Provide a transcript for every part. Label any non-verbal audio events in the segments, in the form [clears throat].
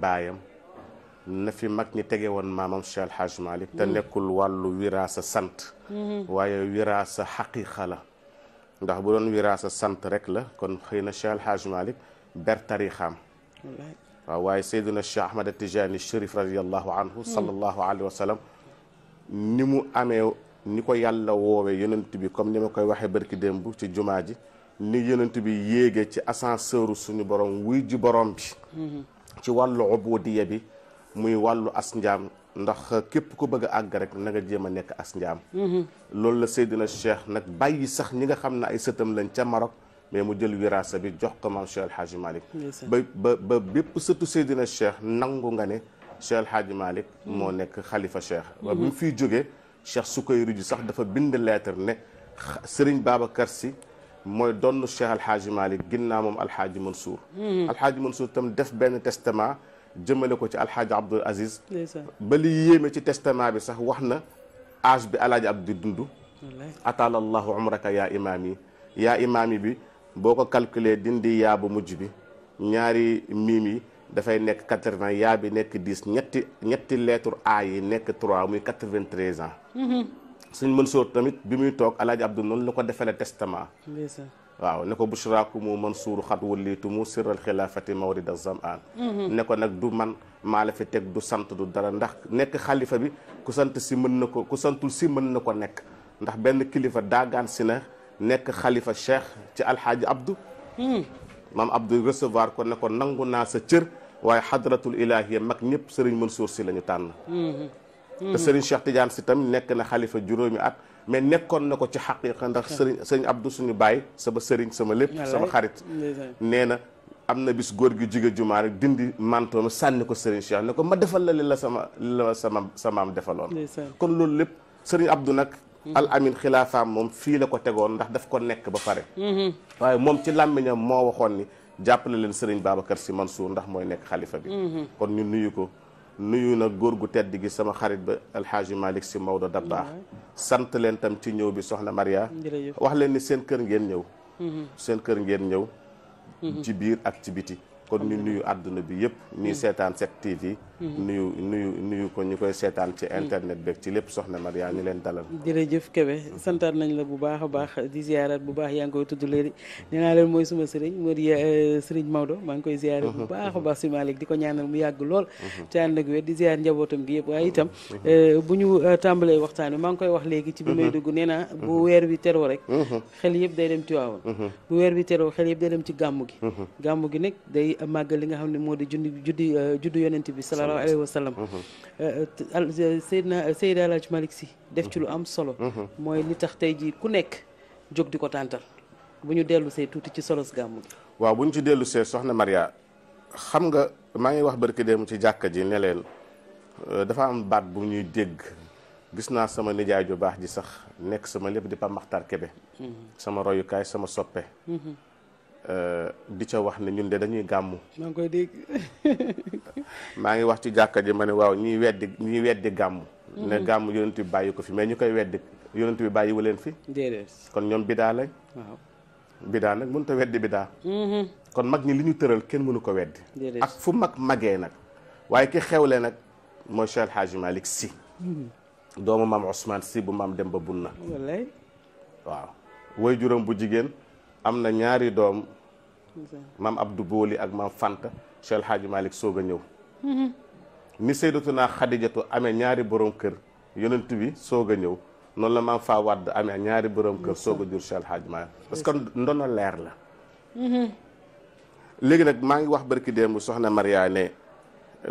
baayam nafi mag ñi tege woon maamam Cheikh El Hadj Malick mm. nekkul wàllu wiraasa sant mm-hmm. waaye wiraasa xaqiiqa la ndax bu doon wiraasa sant rek la kon xëy na Cheikh El Hadj Malick waaw waaye Seydina Cheikh Ahmad Tijani Chérif radiallahu anhu mm. sallallahu alayhi wa ni mu amee ni ko yàlla woowee yonent bi comme ni ma koy waxee barki démb ci jumaa ji ni yonent bi yéege ci ascenseur suñu borom wuy ji borom bi mm-hmm. ci wàllu ubudiya bi muy wàllu as njaam ndax képp ku bëgg a àgg rek na nga jéem a nekk as njaam mhm. loolu la Seydina Cheikh nag bàyyi sax ñi nga xam ne ay sëtam lañ ca Maroc mais mu jël wiraasa bi jox ko maam Cheikh El Hadj Malick ba ba bépp sëtu Seydina Cheikh nangu nga ne Cheikh El Hadj mhm. moo nekk xalifa Cheikh mhm. ba bi mu fiy jógee Cheikh Sukayru ji sax dafa bind lettre ne Serigne Babacar Sy mooy donn Cheikh Alxaaji Malick ginnaaw moom Alxaaji Mansour hmm. Alxaaji Mansour tam def benn testament jëmale ko ci Alxaaji Abdul Aziz ba li ci testament bi sax wax na âge bi Alaaji Abdu dund ataala allahu umraka yaa imaam yaa imaam bi boo ko calculer dindi yaa bu mujj bi ñaari miim yi dafay nekk quatre-vingts yaa bi nekk dix ñetti ñetti lettre yi nekk trois muy quatre-vingt-treize ans hmm. mën Mansour tamit bi muy toog alaaji Abdou noonu la ko defale testament waaw ne ko bushraakumu Mansuur xat walliitumu sirral xilaafati mawrida zamaan mhm. ne ko nag du man maa la fi teg du sant du dara ndax nekk xalifa bi ku sant si mën na ko ku santul si mën na ko nekk ndax benn kilifa daagaan si na nekk xalifa cheikh ci alxaaji Abdou mhm. maam Abdou recevoir ko ne ko nangu naa sa cër waaye xadratul ilaahiya mag ñëpp sëriñ mën Mansuur si lañu tànn mhm. te mhm. Serigne Cheikh Tidiane nekk na xalifa juróomi at mais nekkoon na ko ci xaqiqa ndax Serigne Serigne Abdou suñu baay sama Serigne sama lépp sama xarit nee na am na bis góor gi jige jumaa rek dindi ma sànni ko Serigne Cheikh ne ko ma defal la li la sama li la sama samaam defaloon kon loolu lépp Serigne Abdou nag mhm. al amin xilaafaam moom fii la ko tegoon ndax daf ko nekk ba pare mhm. waaye moom ci làmmiñam moo waxoon ni jàppale leen Serigne Babacar Sy Mansour ndax mooy nekk xalifa bi kon ñu nuyu ko nuyu na góor gu tedd gi sama xarit ba alxaaji Malick si Maodo Dabbaax mm-hmm. sant leen tam ci ñëw bi soxna Maria wax leen ni seen kër ngeen ñëw mm-hmm. seen kër ngeen ñëw mm-hmm. ci biir ak ci biti kon ñu nuyu àdduna bi yëpp ñuy seetaan Sept TV Mhm. nuyu nuyu nuyu ko ñu koy seetaan ci internet beeg ci lépp soxna Maria ñu leen dalal. jërëjëf Kébé mhm. santaat nañ la bu baax a baax di ziarat bu baax yaa ngi koy tudd léegi nee naa leen mooy suma sëriñ moo di euh, sëriñ Maodo bu mhm. a baax si Malick di ngi koy wax léegi ci bi may dugg nee naa bu weer bi teroo rek xel yëpp day dem Tiwaawan bu weer bi teroo xel yëpp day dem ci gàmmu gi gàmmu gi nag day màggal li nga xam ne moo di jundi euh, juddu yonent bi sallallahu alayhi wa sallam mhm. euh, euh, Seydina euh, Seydi El Hadj def ci lu am solo mhm. Mhm. mooy tax tey jii ku nekk jóg di ko tàntal bu ñu dellu see tuuti ci solos gàmmu gi waaw bu ci dellu see soxna Maria xam nga maa ngi wax barki dem ci jàkka ji ne leen dafa am baat bu ñuy dégg gis naa sama nijaay ju baax ji sax nekk sama lépp di Pa Kebe sama royukaay sama soppe Euh, di ca wax ne ñun de dañuy gàmmu. maa ngi koy dégg. [laughs] ngi wax ci jàkka ji ma ne waaw ñiy weddi ñiy weddi gàmmu. Mm-hmm. ne gàmmu yonent bi bàyyi ko fi mais ñu koy weddi yonent bi bàyyi leen fi. déedéet kon ñoom bidaa lañ. waaw bidaa nag mënut a weddi bidaa. Mm-hmm. kon mag ñi li ñu tëral kenn mënu ko weddi. ak fu mag magee nag. waaye ki xewle nag mooy Cheikh El Hadj Malick Sy. Mm-hmm. doomu maam Ousmane Sy bu maam Demba Bunna. wallaay waaw woy juróom bu jigéen. am na ñaari doom maam Abdou Booli ak maam Fanta Cheikh El Hadji Malick soog a ñëw mm-hmm. ni Sayyidatuna Xadijatu amee ñaari borom kër yonent bi soog a ñëw noonu la maam Faa Wadd amee ñaari borom kër soog a jur Cheikh El Hadji parce que ndono leer la mm-hmm. léegi nag maa ngi wax barki démb soxna Maria ne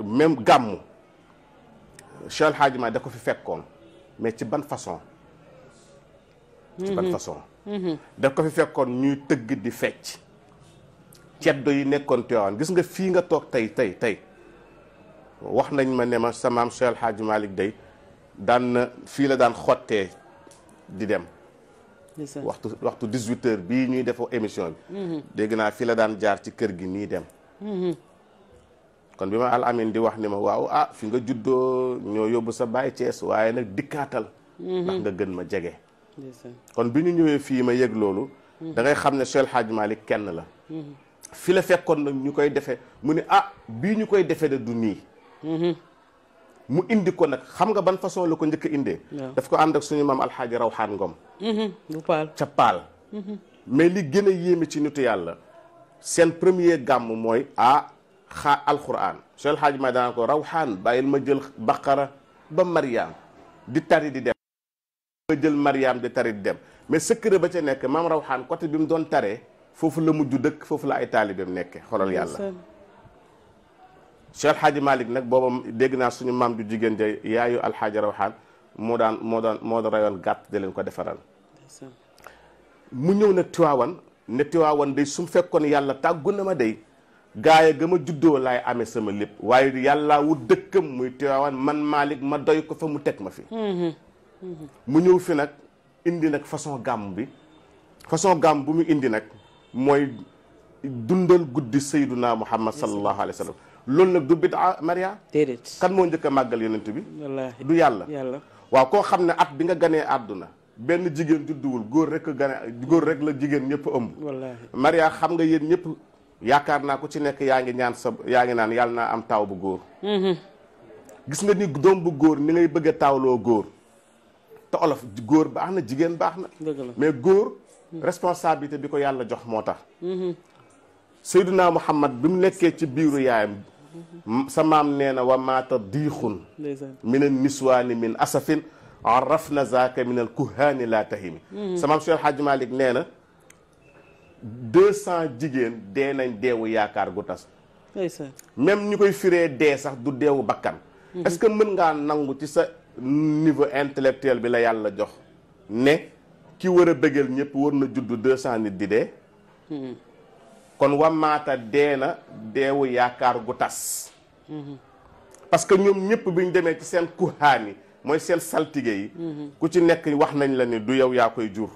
même gàmmu Cheikh El Hadji Malick da ko fi fekkoon mais ci ban façon ci ban mm-hmm. façon Mm-hmm. daf ko fi fekkoon ñuy tëgg di fecc ceddo yi nekkoon Tiwaawan gis nga fii nga toog tey tey tey wax nañ ma ne ma sa maam Cheikh El Hadj daan na fii la daan xottee di dem waxtu waxtu 18 heures bii ñuy defoo émission bi mm-hmm. dégg naa fii la daan jaar ci kër gi nii dem mm-hmm. kon bi ma al amin di wax ni ma waaw a ah, fi nga juddoo ñoo yóbbu sa baay Cees waaye nag dikkaatal ndax nga gën ma jege kon bi ñu ñëwee fii ma yëg loolu da ngay xam ne Cheikh Hadj Malick kenn la fi la fekkoon nag ñu koy defee mu ne ah bii ñu koy defee de du nii mu indi ko nag xam nga ban façon la ko njëkk indee daf ko ànd ak suñu maam alxaaji rawxaan ngom mhm. bu paal ca paal mais li gën a yéeme ci nitu yàlla seen premier gàmm mooy ah xa alquran Cheikh Hadj Malick daan ko rawxaan bàyyil ma jël baqara ba mariam di tari di dem nga jël Mariam di tarit dem mais secret ba ca nekk maam Rawxaan côté bi mu doon taree foofu la mujj dëkk foofu ay taalibeem nekkee xolal yàlla Cheikh Alxaaji Malick nag booba dégg naa suñu maam ju jigéen ja yaayu Alxaaji moo daan moo daan moo daan rayoon gàtt di ko defaral mu ñëw nag Tiwaawan ne Tiwaawan day su mu fekkoon yàlla tàggu na ma dey gaaya ga ma juddoo laay amee sama lépp waaye yàlla wu dëkkam muy Tiwaawan man Malick ma doy ko fa mu teg ma fi mm-hmm. mu ñëw fi nag indi nag façon gàmm bi façon gàmm bu mu indi nag mooy dundal guddi sayduna muhammad sallallahu alayhi wa sallam loolu nag du bidaa maria déedéet kan moo njëkk a màggal yonent bi du yàlla waaw koo xam ne at bi nga ganee àdduna benn jigéen judduwul góor rek gane góor rek la jigéen ñëpp ëmb maria xam yéen ñëpp yaakaar naa ko ci nekk yaa ngi ñaan sa yaa ngi naan yàlla naa am taaw bu góor mhm. gis nga ni doom bu góor ni ngay bëgg a taawloo góor te olof góor baax na jigéen baax na mais góor responsabilité bi ko yàlla jox moo tax mm-hmm. Seydunaa Muhammad bi mu nekkee ci biiru yaayam sa maam nee na wa maata diixun min an niswaani min asafin araf na zaaka min al kuhaani laa tahimi mm-hmm. sa maam Cheikh Hadj nee na deux cent jigéen dee nañ deewu yaakaar gu tas même ñu koy firee dee sax du deewu bakkan mm-hmm. est mën ngaa nangu ci sa niveau intellectuel bi la yàlla jox ne ki war a bëggal ñëpp wër na juddu deux cent nit di dee kon wamaata dee na deewu yaakaar gu tas parce que ñoom ñëpp bi ñu demee ci seen kuhaan yi mooy seen saltige yi ku ci nekk wax nañ la ni du yow yaa koy jur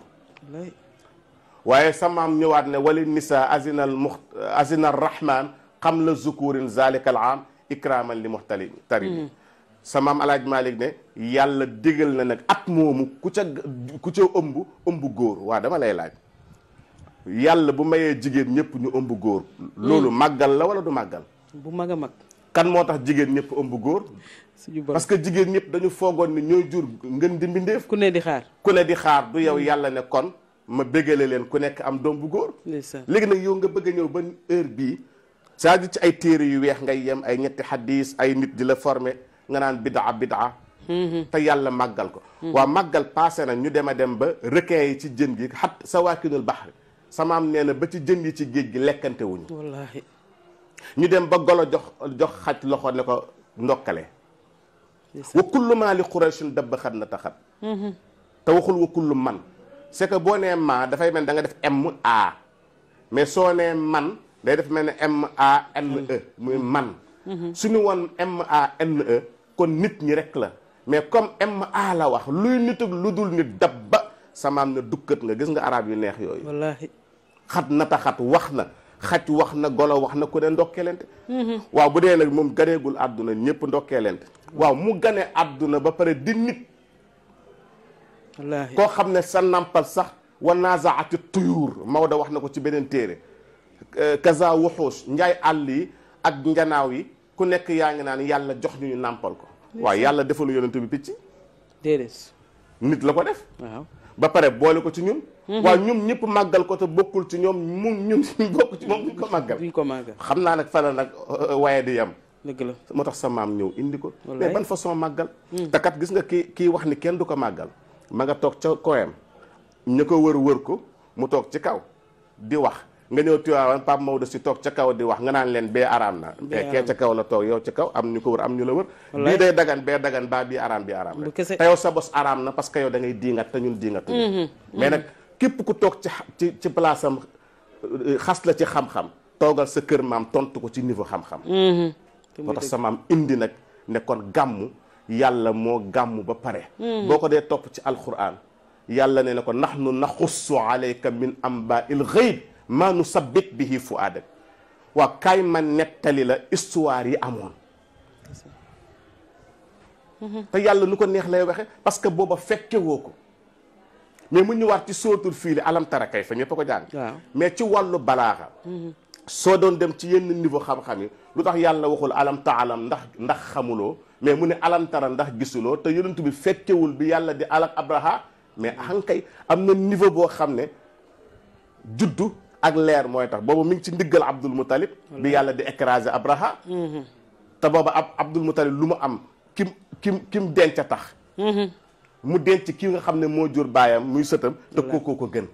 waaye samaam ñëwaat ne wali nisa azina al muxt azina xam la zukurin zalika al am ikraman li muxtali tarimi sa maam alaaj Malick ne yàlla déggal na nag at moomu ku ca ku ca ëmb ëmb góor waa dama lay laaj yàlla bu mayee jigéen ñëpp ñu ëmb góor loolu mm. màggal la wala du màggal bu mag a mag kan moo tax jigéen ñëpp ëmb góor parce que jigéen ñëpp dañu foogoon ni ñooy jur ngën di mbindeef ku ne di xaar ku ne di xaar du yow mm. yàlla ne kon ma bégale leen ku nekk am doom bu góor léegi nag yow nga bëgg a ñëw ba heure bii saa ci ay téere yu weex ngay yem ay ñetti xaddiis ay nit di la former nga naan bidaa bidaa mm-hmm. te yàlla màggal ko mm-hmm. waa màggal passé na ñu dem a dem ba requin yi ci jën gi xat sa waakinul baxri samaam nee na ba ci jën yi ci géej gi lekkante wuñu wallaahi ñu dem ba golo jox jox xaj loxo ne ko ndokkale wa kullu maa li qurayshin dabb xat na taxat mm-hmm. te waxul wa kullu man c'est boo nee ma dafay mel da nga def ma mais soo nee man day def mel ne ma muy man Mhm. suñu woon MANE kon nit ñi rek la mais comme MA la wax luy nitug lu dul nit dab ba samaam na dukkat nga gis nga araab yu neex yooyu wallaahi xat nata wax na xaj wax na golo wax na ko ne ndokkeelente mhm. waaw bu dee nag moom ganeegul àdduna ñëpp ndokkeelente waaw mu gane àdduna ba pare di nit wallaahi koo xam ne sa nampal sax wa nazaati tuyuur Maodo wax na ko ci beneen téere euh, kaza wuxuus njaay àll yi ak njanaaw yi ku nekk yaa ngi naan yàlla jox ñu ñu nàmpal ko waaw yàlla defalu yonent bi picc déedéet nit la ko def ba pare boole ko ci ñun mhm. waaw ñun ñëpp màggal ko te bokkul ci ñoom mu ñun [laughs] bokk ci moom duñ ko màggal duñ xam naa nag fana nag euh, waaye di yem dëgg la moo tax sa maam ñëw indi ko façon màggal hmm. te gis nga kii kii wax ni kenn du ko màggal ma nga toog ca koyam ña ko wër wër ko mu toog ci kaw di wax nga ñëw Tiwaawan Pape Maodo si toog ca kaw di wax nga naan leen bee araam na te kee ca kaw la toog yow ca kaw am ñu ko wër am ñu la wër bii day dagan bee dagan baa bii araam bi araam rek te yow sa bos araam na parce que yow da ngay diingat te ñun diingatuñu mhm, mhm. mais nag képp ku toog ci ci ci place euh, xas la ci xam-xam toogal sa kër maam tontu ko ci niveau xam-xam mhm. moo sa maam indi nag ne kon gàmmu yàlla moo gàmmu ba pare boo ko dee topp ci alquran yàlla ne ne ko nahnu naxussu alayka min amba il maa nu sabbit bihi fuaadak waa kaay ma nettali la histoire yi amoon te yàlla nu ko neex lay waxe parce que booba fekkewoo ko mais mu ñëwaat ci sóotul fii li alam kay fa ñëpp a ko jàng mais ci wàllu balaaxa doon dem ci yenn niveau xam yi lu tax yàlla waxul alam taalam ndax ndax xamuloo mais mu ne alam ndax gisuloo te yonent bi fekkewul bi yàlla di alak abraha mais ahankay am na niveau boo xam ne juddu ak leer mooy tax boobu mi ngi ci ndiggal Abdul Muttalib bi yàlla di écraser Abraha mhm. te booba ab Abdul Muttalib lu mu am kim kim kim denc tax mhm. mu denc ki nga xam ne moo jur baayam muy sëtam te kookoo ko gën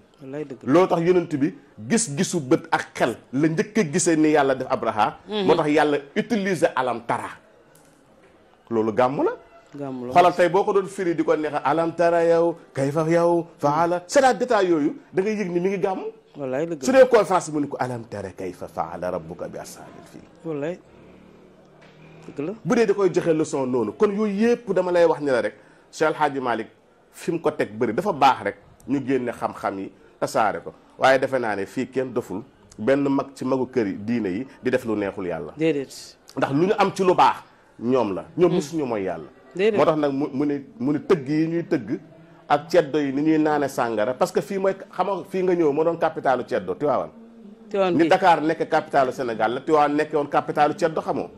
loolu tax yonent bi gis-gisu bët ak xel la njëkk a gisee ni yàlla def Abraha mhm. moo tax yàlla utilise alam tara loolu gàmmu la xoolal tey boo ko doon firi di ko neexa alam tara yow kay fa yow faala c'est-à-dire détail yooyu da ngay yëg ni mi ngi gàmm wallaay dëgg su dee conférence mu ne ko alam tara kay fa faala rabbuka bi ashabil fil wallaay dëgg la bu dee da koy joxe leçon noonu kon yooyu yëpp dama lay wax ni la rek Cheikh El Hadji Malick fi mu ko teg bëri dafa baax rek ñu génne xam-xam yi tasaare ko waaye defe naa ne fii kenn doful benn mag ci magu kër yi diine yi di def lu neexul yàlla déedéet ndax lu ñu am ci lu baax ñoom la ñoom mosuñu hmm. mooy yàlla moo tax nag mu mu ne mu ni tëgg yi ñuy tëgg ak ceddo yi ni ñuy naane sàngara parce que fii mooy xam fii nga ñëw moo doon capitalu ceddo Tiwaawan ni Dakar nekk capitalu Sénégal la Tiwaawan nekk woon capitalu ceddo xamoo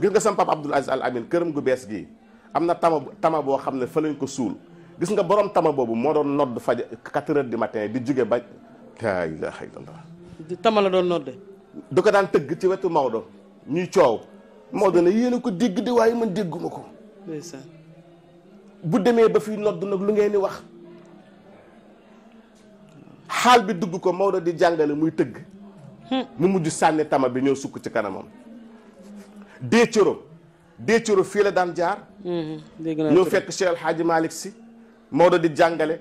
gis nga sama papa Abdoul Aziz Al Amin këram gu bees gii am na tama tama boo xam ne fa lañ ko suul gis nga borom tama boobu moo doon nodd faj quatre heures du matin di jóge ba laa ilaaha illallaah tama la doon nodde du ko daan tëgg ci wetu Maodo ñuy coow Maodo ne yéen a ko dégg di waaye man dégguma ko bu demee ba fi nodd nag lu ngeen di wax xaal bi dugg ko Maodo di jàngale muy tëgg hmm. mu mujj sànni tama bi ñëw sukk ci kanamam déecoro déecoro fii la daan jaar hmm, ñoo fekk Cheikh El Hadji si Sy Maodo di jàngale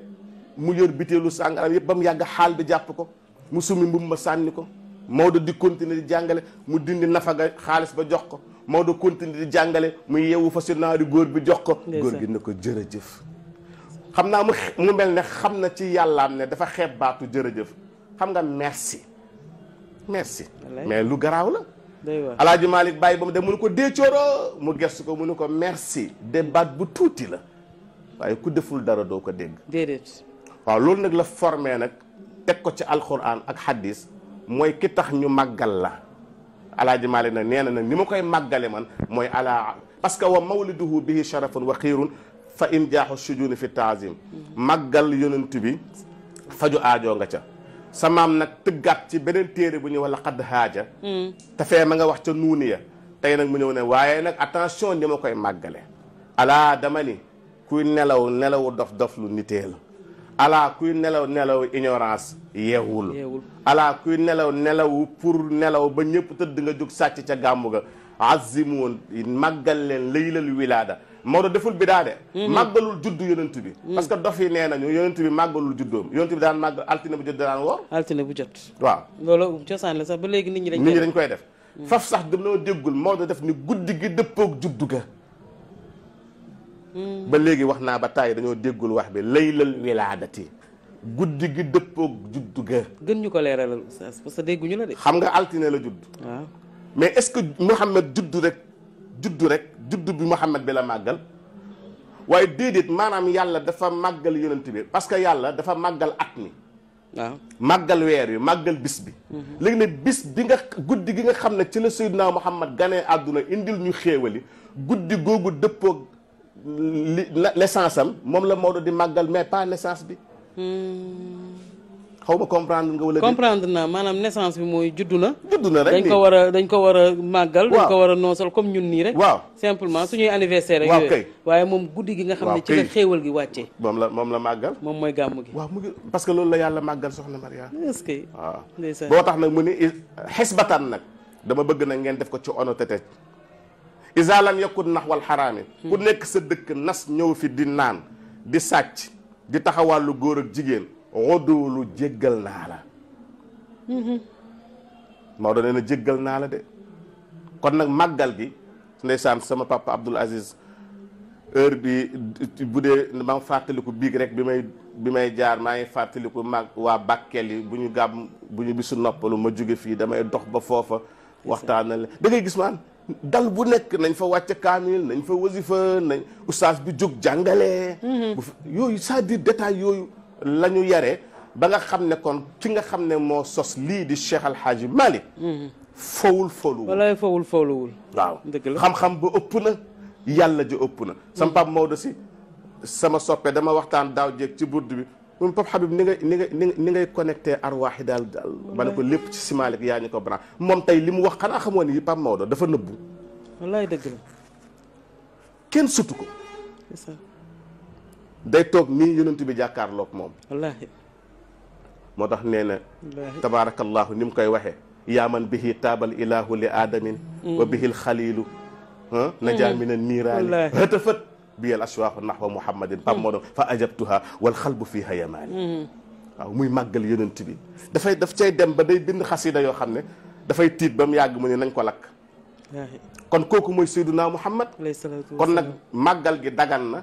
mu yor biteelu sàngaram yëpp ba mu yàgg xaal bi jàpp ko mu summi mbubb ma sànni ko Maodo di continuer di jàngale mu dindi nafa ga xaalis ba jox ko Maodo continuer di jàngale muy fa fasu naari góor bi jox ko góor gi ne ko jëf xam naa mu mu mel ne xam na ci yàllaam ne dafa xeeb baatu jërëjëf xam nga merci merci mais lu garaaw la alaaji Malick bàyyi ba mu dem mu ne ko déecooro mu gestu ko mu ne ko merci de baat bu tuuti la waaye ku deful dara doo ko dégg déedéet waaw loolu nag la formé nag teg ko ci alxuraan ak xaddis mooy ki ñu màggal la alaaji Maalik na nee na nag ni ma koy màggale man mooy ala parce que wa mawliduhu bi sharafun wa xiirun fa in jaaxu sujuni fi taazim màggal yonent bi faju aajoo nga ca sa maam nag tëggaat ci beneen téere bu ñuy wax la haaja mm. te fee ma nga wax ca nuuni ya nag mu ñëw ne waaye nag attention ni ma koy màggale alaa dama ni kuy nelaw nelawu dof dof lu niteel alaa kuy nelaw nelaw ignorance yeewul alaa kuy nelaw nelaw pour nelaw ba ñëpp tëdd nga jóg sàcc ca gàmmu ga azimoon màggal leen laylal wilaada Maodo deful bi daa de mhm. màggalul juddu yonent bi mhm. parce que dof yi nee nañu yonent bi màggalul juddoom yonent bi daan màgg altine bu jot daan woor altine bu jot waaw loolu cosaan la sax ba léegi nit ñi dañ koy def mhm. faf sax dama déggul moo Maodo def ni guddi gi dëppoog juddu ga ba léegi wax naa ba tàyyi dañoo déggul wax bi laylal wilaadati guddi gi dëppoog juddu ga gën ñu ko leeralal sa parce que dégguñu la de. xam nga altine la judd. waaw mais est-ce que Mouhamed juddu rek juddu rek juddu bi Mouhamed bi la màggal. waaye déedéet maanaam yàlla dafa màggal yonent bi parce que yàlla dafa màggal at mi. màggal weer yu màggal bis bi. Mhm. léegi ne bis bi nga guddi gi nga xam ne ci la Seydina Mouhamed ganee àdduna indil ñu xéewali guddi googu dëppoog li l'essence am moom la Maodo di màggal mais pas l'essence bi. xaw ma comprendre nga wala. comprendre naa maanaam naissance bi mooy juddu na. juddu na rek dañ ko war a dañ ko war a màggal. dañ ko war a noosal comme ñun nii rek. waaw simplement suñuy anniversaire. waaw kay waaye moom guddi gi nga xam ne ci la xéewal gi wàccee. moom la moom la màggal. moom mooy gàmm gi. waaw mu ngi parce que loolu la yàlla màggal soxna Maria. est-ce que waaw. boo tax nag mu ni xesbataan nag dama bëgg nag ngeen def ko ci honnêteté. isa lam yakun nax wal xaraami ku nekk sa dëkk nas ñëw fi di naan di sàcc di taxawàllu góor ak jigéen xodoolu jéggal naa la Maodo nee na jéggal naa la de kon nag màggal gi ndeysaan sama papa Abdoul Aziz heure bi bu dee ma fàttaliku biig rek bi may bi may jaar maa ngi fàttaliku mag waa Bakel yi bu ñu gàmm bu ñu bisu noppalu ma jóge fii damay dox ba foofa waxtaan na leen da gis maan dal bu nekk nañ fa wàcce kaamil nañ fa wasifa nañ oustaz bi jóg jàngale mhm. yooyu c'est-à-dire yooyu la ñu yare ba nga xam ne kon ki nga xam ne moo sos lii di Cheikh Al Hadji Malick mhm. fowul fowluwul walaay fowul waaw xam-xam ba ëpp na yàlla ji ëpp na sama mhm. pap Maodo si sama soppee dama waxtaan daaw jéeg ci burd bi moom Pape Habib ni ngay ni ngay ni ngay connecté arwaax yi daal daal ma ne ko lépp ci simaalik yaa ñu ko bran moom tey li mu wax xanaa xamoon ni Pape Maodo dafa nëbbu wallaay dëgg la kenn sutu ko day toog nii yonent bi jàkkaarloog moom wallaahi moo tax nee na tabaarakallaahu ni mu koy waxee yaa man bihi taabal ilaahu li aadamin wa bihi l xaliilu niiraani hëtëfët bi al ashwaaqu nahwa muhammadin hmm. pam moo doon fa ajabtuha wal xalbu fiha yamaani hmm. waaw muy màggal yonent bi dafay daf cay dem ba day bind xasida yoo xam ne dafay tiit ba mu yàgg mu nañ ko lakk kon kooku mooy sayduna muhammad kon nag màggal gi dagan na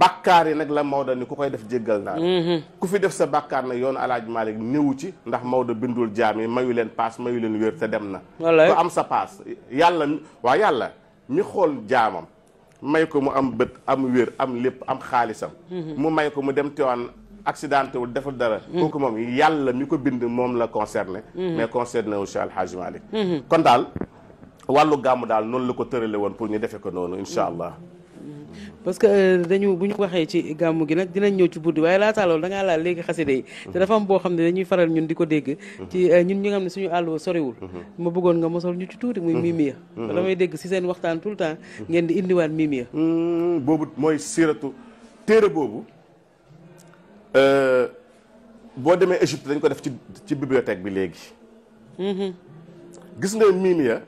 bàkkaar nag la Maodo ni ku koy def jéggal naa hmm. ku fi def sa bàkkaar nag yoonu alaaj Malik ci ndax Maodo bindul jaam yi mayu leen paas mayu leen wér te dem na ko am sa paas yàlla waa yàlla mi xool jaamam may ko mu am bët am wér am lépp am xaalisam mhm. mu may ko mu dem Tiwaawan accidenté wul deful dara mhm. kooku moom yàlla mi ko bind moom la concerné mhm. mais concerné wu Cheikh Alhaji Malick kon daal wàllu gàmmu daal noonu la ko tërale woon pour ñu defe ko noonu incha allah parce que euh, dañu bu ñu waxee ci gàmmu gi nag dinañ ñëw ci buddi waaye laataa loolu da ngaa laal léegi xaside yi mhm. te dafa am boo xam ne dañuy faral ñun di ko dégg mhm. ci euh, ñun ñi nga xam ne suñu àll soriwul mhm. ma bëggoon nga mosol ñu ci tuuti muy mimiya damay dégg si seen waxtaan tout le temps ngeen di indiwaat mimiya mm, boobu mooy siratu téere boobu euh, boo demee Égypte dañ ko def ci ci bibliothèque bi léegi gis nga mimiya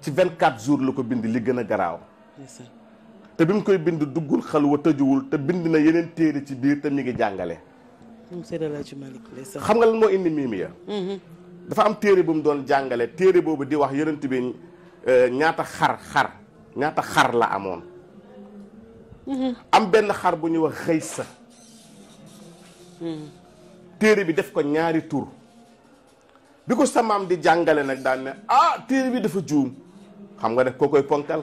ci vingt quatre jours la ko bind li gën a garaaw te bi mu koy bind duggul xalwa tëjuwul te bind na yeneen téere ci biir te mi ngi jàngale. xam nga lan moo indi miimiya mm-hmm. dafa am téere bu mu doon jàngale téere boobu di wax yonent bi euh, ñaata xar xar xar la amoon. Mm-hmm. am benn xar bu ñuy wax xëy sa. Mm-hmm. téere bi def ko ñaari tur. bi ko samaam di jàngale nag daan ah, téere bi dafa juum xam nga def koo koy ponkal.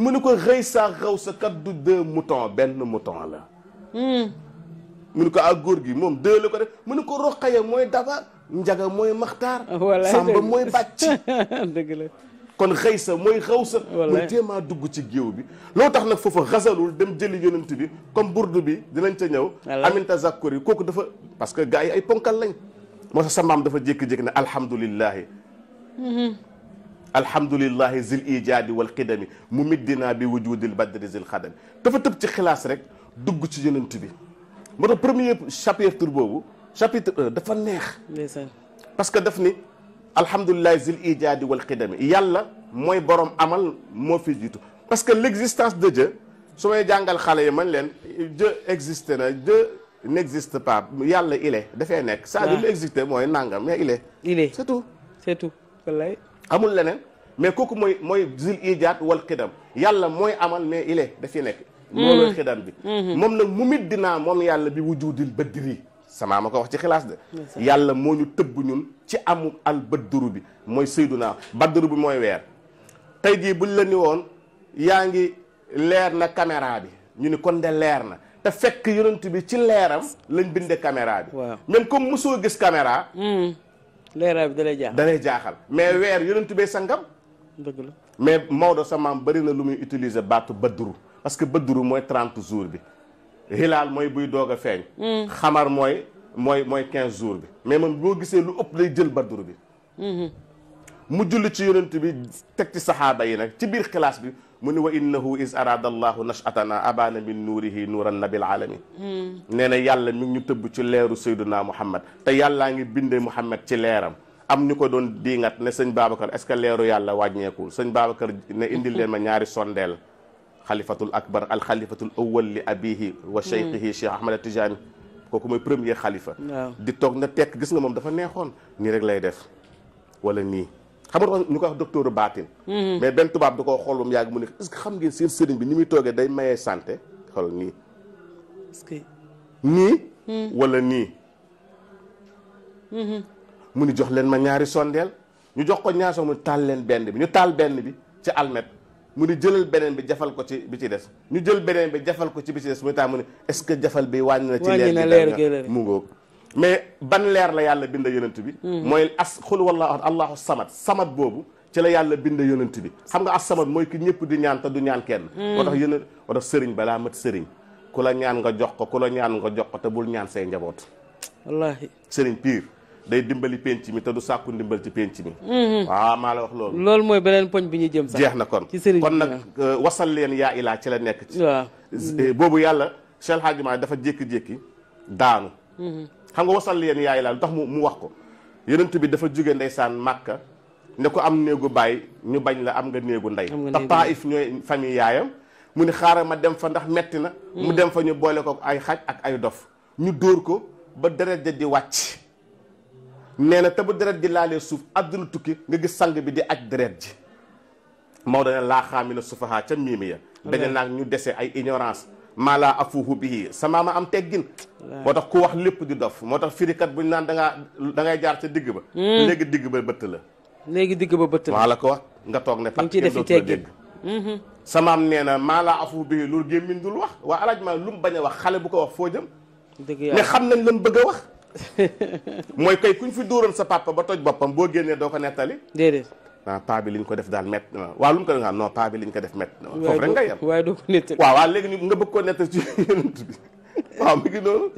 mu ni ko xëy saa xaw sa kat du deux mouton benn mouton la hmm. mu ni ko ak ah, góor gi moom deux la ko def mu ni ko roqaya mooy daba njaga mooy maxtaar sàmba mooy bàcc [laughs] la kon xëy sa mooy xaw sa mooy téemaa dugg ci géew bi loo tax nag foofu xasalul dem jëli yonent bi comme burdu bi dinañ ca ñëw aminta zakkor yi kooku dafa parce que gars yi ay ponkal lañ moo tax sa maam dafa jékki-jékki ne alhamdulillahi hmm. alhamdulillahi zil ijaadi wal qidami mu middinaa bi wujudil badri zil xadami dafa tëb ci xilaas rek dugg ci yonent bi moo tax premier chapitre boobu chapitre dafa neex parce que daf ni alhamdulillahi zil ijaadi wal qidami yàlla mooy borom amal moo fi jiitu parce que l' de Dieu su may jàngal xale yi man leen Dieu existe na Dieu pas yàlla il est nekk ah. c'est-à-dire lu mooy nangam mais il est il est c'est amul leneen mais kooku mooy mooy zul ijaat wal xidam yàlla mooy amal mais il est dafi nekk mm. moolal xidam bi mm-hmm. moom nag mu mit dinaa moom yàlla bi wujudil bëddiri sama ma ko wax ci xilaas de yàlla moo ñu tëbb ñun ci amu al bëdduru bi mooy naa sayduna badduru bi mooy weer tey jii buñ la ni woon yaa ngi leer na caméra bi ñu ni kon de leer na te fekk yonent bi ci leeram lañ binde caméra bi même comme mosoo gis caméra mm. leeraay bi dalay jaaxal dalay jaaxal mais weer yonent bee sangam. dëgg la mais Maodo sa maam bëri na lu muy utiliser baatu bëdduru parce que bëdduru mooy 30 jours bi. hilaal mooy buy doog a feeñ. Mm. xamar mooy mooy mooy 15 jours bi mais moom boo gisee lu ëpp lay jël bëdduru bi. Mm-hmm. mu julli ci yonent bi teg ci saxaaba yi nag ci biir classe bi. mu ni wa innahu is arada allahu nashatana abana min nuurihi nuuran nabil alamin hmm. nee na yàlla mi ngi ñu tëbb ci leeru sayduna muhammad te yàllaa ngi binde muhammad ci leeram am ñu ko doon diingat ne sëñ babacar est ce que leeru yàlla wàññeekul sëñ babacar ne indi leen ma ñaari sondeel xalifatul akbar al xalifatul awwal li abihi wa cheikhihi hmm. cheikh ahmad tijani kooku mooy premier xalifa di toog na tekk gis nga moom dafa neexoon nii rek lay def nii xam nga ñu ko wax docteur baatin mm-hmm. mais benn tubaab da koo xool ba mu yàgg mu ne est-ce que xam ngeen seen sëriñ bi ni muy toogee day mayee santé xool nii. est nii. Mm. wala nii. Mm-hmm. mu ni jox leen ma ñaari sondeel ñu jox ko ñaar soo mu taal leen benn bi ñu taal benn bi ci almet mu ni jëlal beneen bi jafal ko ci bi ci des ñu jël beneen bi jafal ko ci bi ci des mu taal mu ne est-ce que jafal bi wàññi ci leer mu ngoog. mais ban leer la yàlla bind yonent bi hmm. mooy as xul wallahu allahu samad samad boobu ci la yàlla bind yonent bi xam nga as samad mooy kii ñëpp di ñaan te du ñaan kenn hmm. moo tax yonent sëriñ balaa mat sëriñ ku la ñaan nga jox ko ku la ñaan nga jox ko te bul ñaan say njaboot wallaahi sëriñ piir day dimbali penc mi te du sàkku ndimbal ci penc mi hmm. waaw maa la wax loolu loolu mooy beneen poñ bi ñu jëm sax jeex na kon kon nag euh, wasal leen yaa ilaa ci la nekk ci euh, boobu yàlla Cheikh Hadji dafa jékki-jékki daanu xam nga wasal yéen yaay laa lu tax mu mu wax ko yonent bi dafa jóge ndeysaan màkka ne ko am néegu baay ñu bañ la am nga néegu ndey te Taif ñooy famille yaayam mu ni xaaral ma dem fa ndax metti na mu mm. dem fa ñu boole ko ay xaj ak ay dof ñu dóor ko ba deret ja di wàcc nee na te bu deret ji laalee suuf àdduna tukki nga gis sang bi di aj deret ji Maodo ne laa xaami na sufaha ca miimi ya daña naag ñu desee ay ignorance maala afuuhu bihi sama maama am teggin moo tax ku wax lépp di dof moo tax firikat buñ naan da ngaa da ngay jaar ca digg ba hmm. léegi digg ba bëtt la léegi digg ba bëtt la maa la ko wax nga toog ne pat kenn dootu la dégg hmm. sa maam nee na maala afuuhu bihi loolu gémmiñ dul wax waa alaaj ma lu mu bañ a wax xale bu ko wax foo jëm mais xam nañ lan bëgg a wax [laughs] mooy kay kuñ fi dóoroon sa papa ba toj boppam boo génnee doo ko nettali déedéet ah paa bi liñ ko def daal métti na waaw lu mu ko def non paa bi ko def métti na foofu rek nga yem ko nettali nga bëgg koo nettali ci [laughs] yonent bi waaw mi ngi noonu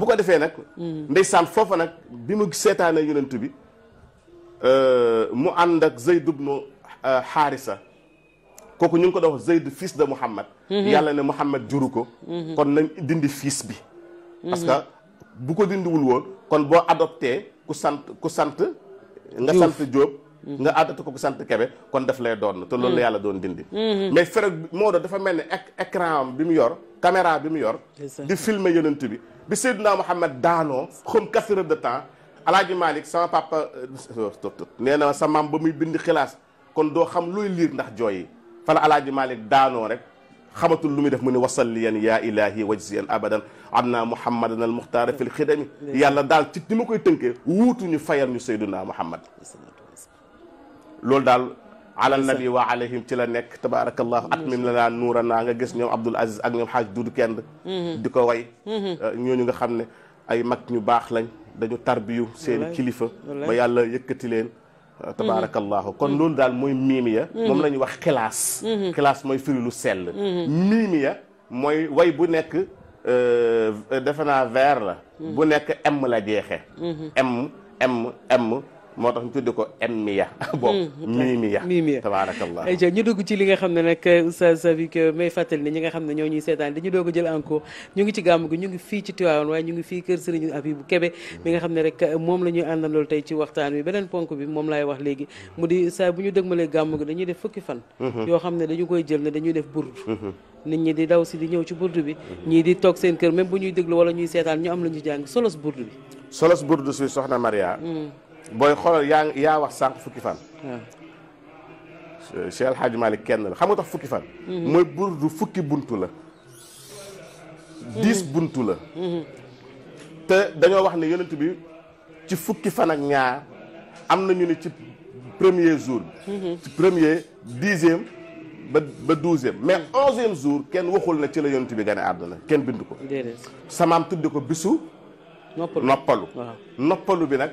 bu ko defee nag hmm. ndeysaan foofa nag bi mu seetaanee yonent bi euh, mu ànd ak Zayd ibn Haarisa euh, kooku ñu ngi ko doon wax Zayd fils de Muhammad hmm. yàlla ne Muhammad juru ko hmm. kon nañ dindi fiis bi parce que bu ko dindiwul woon kon boo adopté ku sant ku sant nga sant Jóob nga àddata ko sant Kebe kon daf lay doon te lool la mm. yàlla doon dindi mm-hmm. mais fere moo doon dafa mel ne écran bi mu yor caméra bi mu yor di film yonent bi bi Seydina Mouhamed daanoo xom quatre heures de temps alaaji Malick sama papa euh, euh, nee na sa maam ba muy bind xilaas kon doo xam looy liir ndax jooyi fala alaaji Malick daanoo rek xamatul lu muy def mu ne wasalliyan yaa ilahi wajziyan abadan am naa mouhamadan al muxtaara fil xidami yàlla daal ci ni ma koy tënkee wuutuñu fayal ñu sayduna muhammad loolu daal alal nabi wa alayhim ci la nekk tabarakallahu at mim la naa nuura naa nga gis ñoom abdul aziz ak ñoom xaaj dudu kend mhm. di ko way mhm. euh, ñooñu nga xam ne ay mag ñu baax lañ dañu tarbiyu seeni kilifa ba yàlla yëkkati leen euh, tabarakallahu mhm. kon loolu daal mooy miimiya moom la ñuy wax xilaas xilaas mooy firi lu sell miimiya mooy way bu nekk euh, defe naa vers la bu nekk m la jeexe m m moo tax ñu tudde ko Emmiya [laughs] boobu mm, Mimiya Mimiya tabaarakallah ayca ñu dugg ci li nga xam ne nag euh, oustaz Safik may nga xam ne ñoo ñu ngi ci ñu ngi ñu ngi fii kër Serigne Abibou Kébé mm. mi nga xam ne rek euh, moom la ñuy àndal loolu tey ci waxtaan wi beneen ponk bi moom laay wax léegi mu di saa gàmm gi dañuy def fukki fan mm-hmm. yoo xam ne dañu koy jël ne dañuy def burdu mm-hmm. nit ñi di daw si di ñëw ci burdu bi mm-hmm. ñii di toog seen kër même bu ñuy déglu wala ñuy seetaan ñu am la ñu jàng solos burdu bi solos burdu si soxna Maria mm. booy xoolal yaa yaa wax sànq fukki fan. Cheikh El kenn la xam nga tax fukki fan. Mm-hmm. mooy burdu fukki buntu la. Mm-hmm. dix bunt la. Mm-hmm. te dañoo wax ne yonent bi ci fukki fan ak ñaar am na ñu ne ci premier jour bi. ci premier dixième ba ba douzième mais onzième jour kenn waxul na ci la yonent bi gane àdduna kenn bind ko. samaam tudd ko bisu. noppalu noppalu. noppalu bi nag.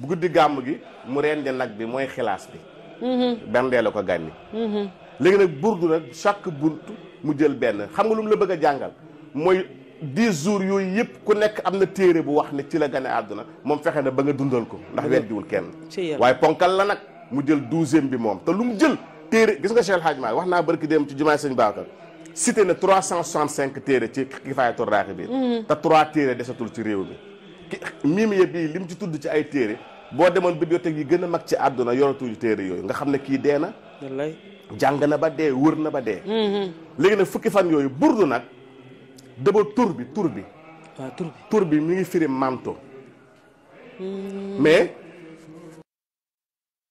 bu di gàmm gi mu rendi nag bi mooy xilaas bi mhm. bendee la ko gànni mhm. léegi nag burdu nag chaque buntu mu jël benn xam nga lu mu la bëgg jàngal mooy dix jours yooyu yëpp ku nekk am na téere bu wax ne ci la gane àdduna moom fexe na ba nga dundal ko ndax weddiwul kenn waaye ponkal la nag mu jël douzième bi moom te lu mu jël téere gis nga Cheikh El Hadj wax naa barki dem ci jumaay sëñ Babacar cité na trois cent soixante cinq téere ci kifaayatul raaxi bi mhm. te trois téere desatul ci réew mi miimiye bii mu ci tudd ci ay téere boo demoon bibliothèque yi gën a mag ci àdduna yoratuñu téere yooyu nga xam ne kii dee na jàng na ba dee wër na ba dee mm-hmm. léegi nag fukki fan yooyu burdu nag daba tur bi tur bi waaw bi mi ngi firi manto mm-hmm. mais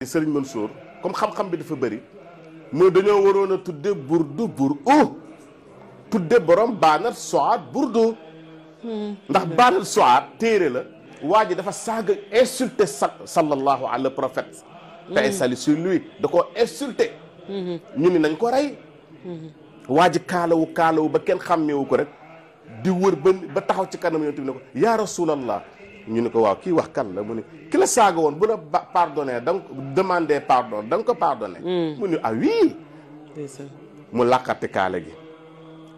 sëriñ Mansour comme xam-xam bi dafa bëri mu dañoo waroon a tudde burdu bur u tudde borom baanat soat burdu ndax baaral soir téere la waa ji dafa saaga insulté sa sallallahu ala prophète paix mm-hmm. salut sur lui da ko insulté mm-hmm. ñu ni nañ ko rey mm-hmm. waa ji kaala wu ba kenn xam xàmmeewu ko rek di wër ba ba taxaw ci kanam yonent bi ne ko yaa rasulallah ñu ni ko waaw kii wax kan la mu ne kila la saaga woon bu la pardonné da nga demandé pardon da ko pardonné mm. mu ni ah mu làqati kaala gi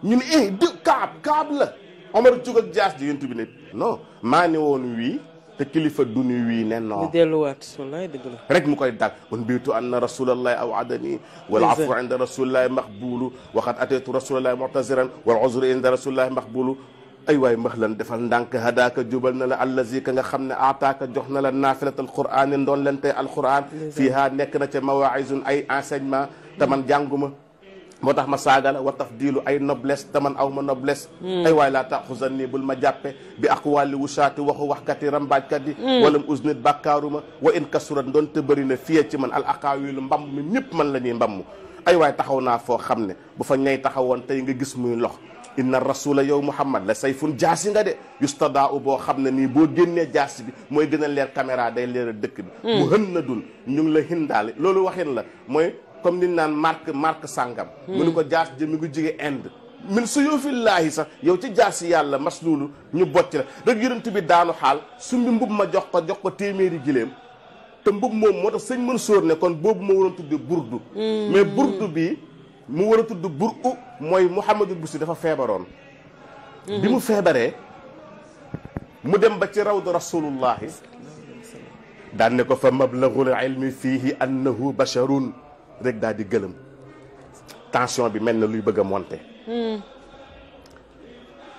ñu ni eh di kaab kaab la Omar jug ak jaas ji yontu bi ne non maa ne woon wii te kilifa du ni wii ne non. di delluwaat wallaay dëgg la. rek mu koy dàgg man biitu anna rasulallahi aw'adani wal afu inda rasulillahi maqbulu waxat ateetu rasulallahi mu'taziran wal uzru inda rasulillahi maqbulu ay waay max lan defal ndànk hadaaka jubal na la allazi ka nga xam ne aataaka jox na la naafilat alquran ne ndoon leen tey alquran fii ha nekk na ca mawaizun ay enseignement te man jànguma moo tax ma saaga la wa taf diilu ay noblesse te man aw ma noblesse hmm. ay waay laa taxusan nii bul ma jàppe bi ak wàlli wusaati waxu waxkat yi rambaajkat yi hmm. wala mu usnit bàkkaaruma wa in kasuran doon te bëri na fiye ci man al aqaawilu mbamb mi ñëpp man la ñuy mbamb ay waay taxaw naa foo xam ne bu fa ñay taxawoon tey nga gis muy lox inna rasula yow muhammad la sayfun jaasi nga de yustadaa u boo xam ne nii boo génnee jaasi bi mooy gën a leer caméra da leer a dëkk bi hmm. ñu ngi la hindaale loolu waxin la mooy comme ni naan marque marque sàngam hmm. mu ni ko jaas ji mi ngi jóge Inde min suyufillaahi sax yow ci jaas si yàlla mas loolu ñu bocc la rek yonent bi daanu xaal sumbi mbub ma jox ko jox ko téeméeri giléem te mbub moom moo tax sëñ Mansoor ne kon boobu ma waroon tudd burdu hmm. mais burdu bi mu war a tudd bur u mooy Mouhamadul Busiri dafa feebaroon hmm. bi mu feebaree mu dem ba ci raw rawdu rasulullahi daan ne ko fa mablaghul ilmi fiihi annahu basharun rek daal di gëlëm tension bi mel na luy bëgg a hmm.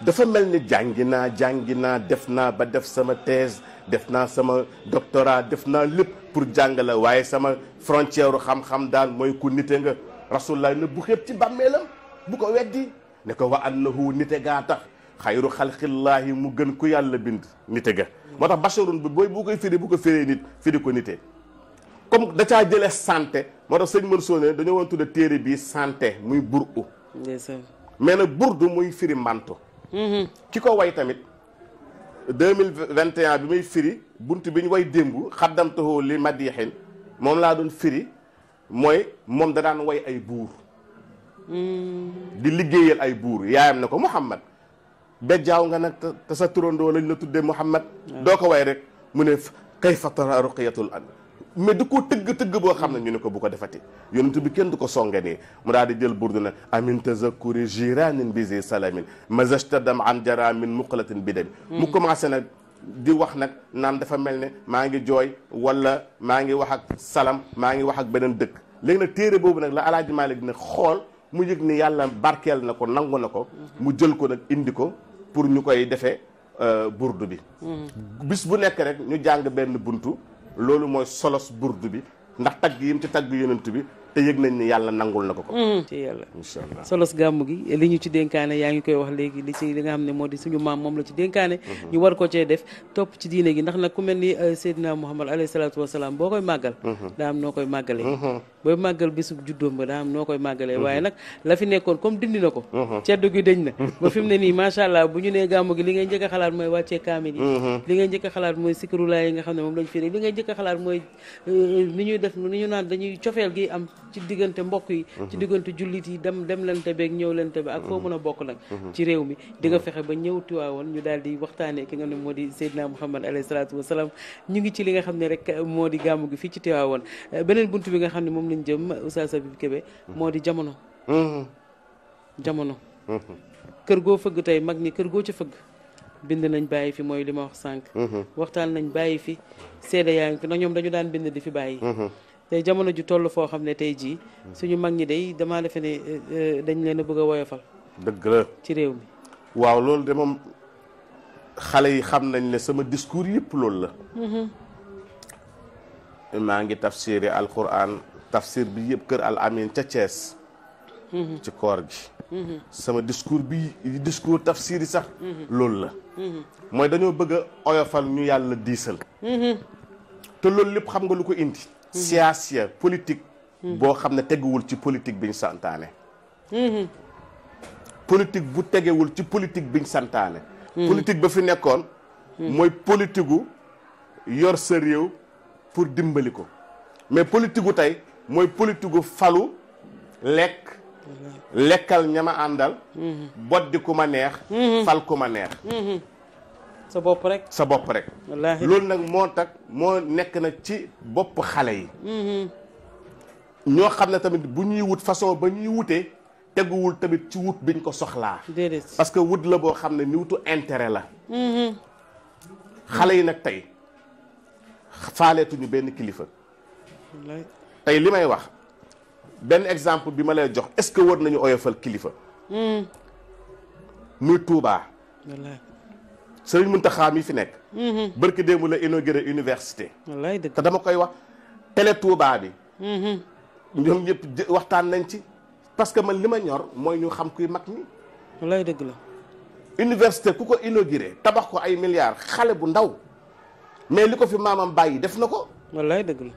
dafa mel ni jàngi naa jàngi naa def naa ba def sama thèse def naa sama doctorat def naa lépp pour jàngale waaye sama frontière xam-xam daan mooy ku nite nga rasulullah bu xeeb ci bàmmeelam bu ko weddi ne ko wa annahu nite gaa tax xayru xalqillaahi mu gën ku yàlla bind nite ga moo tax basharun bi booy bu koy firi bu ko firee nit firi ko nite comme da caa jëlee santé moo tax sëñ Mansour ne dañoo woon tudde téere bii santé muy burdu mais nag burdu muy firi mbantu mhm. ki ko way tamit deux mille vingt et bi muy firi bunt bi ñu way démb xaddamtahu li madiixin moom laa doon firi mooy moom da daan way ay buur mhm. di liggéeyal ay buur yaayam na ko Muhammad bejjaaw nga nag te sa turandoo lañ la tuddee Muhammad ah. doo ko way rek mu ne kayfa tara ruqiyatul an mais da koo tëgg tëgg boo xam ne ñu ne ko bu ko defati yonent bi kenn du ko songe nii mu daal di jël burdu na amin tazakuri jiranin bisi salamin dam an jaramin muqalatin bidami hmm. mu commencé nag di wax nag naan dafa mel ne maa ngi jooy walla maa ngi wax ak salam maa ngi wax ak beneen dëkk léegi nag téere boobu nag la alaaji Maalik ne xool mu yëg ni yàlla barkeel na ko nangu na ko hmm. mu jël ko nag indi ko pour ñu koy defee euh, burdu bi hmm. bu nekk rek ñu jàng benn buntu loolu mooy solos burdu bi ndax tagg yim ci tagg yonent bi te yëg nañ ni yàlla nangul na ko ko mm. ci yàlla incha allah solos gàmm gi li ñu ci dénkaane yaa ngi koy wax léegi li ci li nga xam ne moom la ci dénkaane li ngay njëkk a xalaat mooy wàccee a nga xam ne moom lañ fi li ngay njëkk a xalaat mooy ni euh, ñuy def ni ñu naan dañuy cofeel gi am ci diggante mbokk yi mhm. ci diggante jullit yi dem dem lante beeg ñëw bi ak foo mhm. mën a bokk nag mhm. ci réew mi di nga fexe ba ñëw Tiwaawoon ñu daal di waxtaanee ki nga ne moo di Seydina Muhammad alayhi salaatu wasalaam ñu ngi ci li nga xam moo di gàmmu gi fii ci Tiwaawoon euh, beneen bunt bi nga xam ne moom lañ jëm Oustaz Habib Kébé moo di jamono jamono kër goo fëgg tey mag ñi kër goo ci fëgg bind nañ bàyyi fi mooy li ma wax sànq waxtaan nañ bàyyi fi seede yaa ngi fi ndax ñoom dañu daan bind di fi bàyyi tey jamono ju toll foo xam ne tey jii. Hmm. suñu mag ñi day damaa defe ne eh, eh, dañ leen a bëgg a woyofal. dëgg la ci réew mi. waaw loolu de moom xale yi xam nañ ne sama discours yëpp loolu la. Mm-hmm. maa ngi tafsiri alquran tafsir bi yëpp kër al amin ca Thiès. Mm-hmm. ci koor mm-hmm. sama discours bi discours tafsir yi sax. loolu la. mooy dañoo bëgg oyofal ñu yàlla diisal. te loolu lépp xam nga lu ko indi. siyaasiya politique boo xam ne teguwul ci bi ñu santaane politique bu tegewul ci politique biñ santaane politique ba fi nekkoon mooy politique yor sa réew pour dimbali ko mais politique gu tey mooy politique gu falu lekk lekkal ñama àndal mhm. boddi ku ma neex mhm. fal ku ma neex mhm. sa bopp rek sa bopp rek loolu nag moo tax moo nekk nag ci bopp xale yi mm-hmm. ñoo xam ne tamit bu ñuy wut façon ba ñuy wutee teguwul tamit ci wut biñ ko soxlaa parce que wut la boo xam ne ni wutu intérêt la mm-hmm. xale yi nag tey faaleetuñu benn kilifa tey li may wax benn exemple bi ma lay jox est-ce que war nañu oyofal kilifa mm. muy Tuubaa Serigne Mountakha mi fi nekk. Mhm. barki démb la inauguré université. wallaay dëgg te dama koy wax télé Touba bi. Mhm. ñoom ñëpp waxtaan nañ ci. parce que man li ma ñor mooy ñu xam kuy mag ñi. wallaay dëgg la. université ku ko inauguré tabax ko ay milliards xale bu ndaw mais li ko fi maamam bàyyi def na ko. wallaay dëgg la.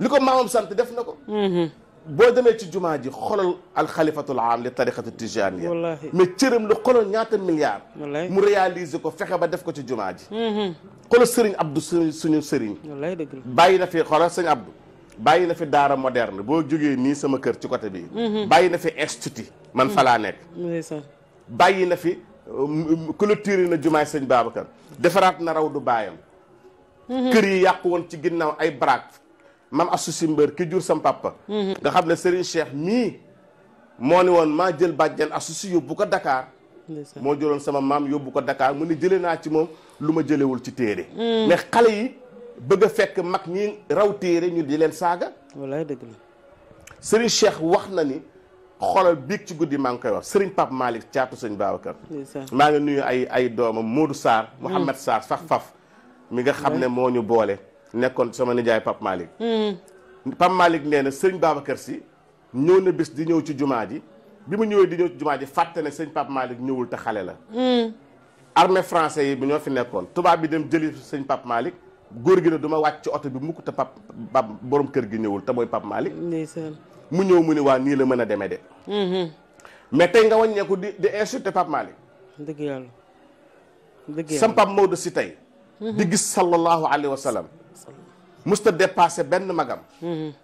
li ko maamam sant def na ko. Mhm. boo demee ci jumaa ji xolal alxalifatul am li tariqatu tijaniya mais cëram la xolal ñaata milliard mu réaliser ko fexe ba def ko ci jumaa ji mm-hmm. xolal sëriñ abdou suñu suñu sëriñ bàyyi na fi xolal sëriñ abdou bàyyi na fi daara moderne boo jógee nii sama kër ci côté bi mm-hmm. bàyyi na fi institut man fa laa nekk mm-hmm. bàyyi na fi euh, clôture na jumaay sëñ Babacar defaraat na raw du baayam kër yi yàqu woon ci ginnaaw ay baraak mam asu si mbër ki jur sama papa. nga xam ne Serigne Cheikh mii moo ni woon maa jël bàjjan asu si yóbbu ko dakaar moo jëloon sama maam yóbbu ko dakaar mu ni jëlee naa ci moom lu ma jëlewul ci téere mm. mais xale yi bëgg a fekk mag ñi raw téere ñu di leen saaga. wallaay dëgg la. Serigne Cheikh wax na ni xoolal biig ci guddi maa ngi koy wax Serigne Pape Malick caatu sëñ Babacar. maa ngi nuyu ay ay doomam Modou Sarr. Mouhamed mm. Sarr faf faf mi nga xam ne moo ñu boole. nekkoon sama nijaay Pape Malick. Hmm. Pape Malick nee na sëñ Babacar si ñëw na bis di ñëw ci jumaa ji bi mu ñëwee di ñëw ci jumaa ji fàtte ne sëñ Pape Malick ñëwul te xale la. Hmm. armée français yi bu ñoo fi nekkoon tubaab bi dem jëli sëñ Pape Malick góor gi ne du wàcc ci oto bi mukk te pap pap borom kër gi ñëwul te mooy Pape Malick. mu ñëw mu ne waa nii la mën a demee de. Hmm. mais tey nga wàññeeku di di insulté Pape Malick. dëgg yàlla dëgg yàlla sam Pape Maodo si tey. di gis sallallahu alayhi wa musta dépassé benn magam mhm.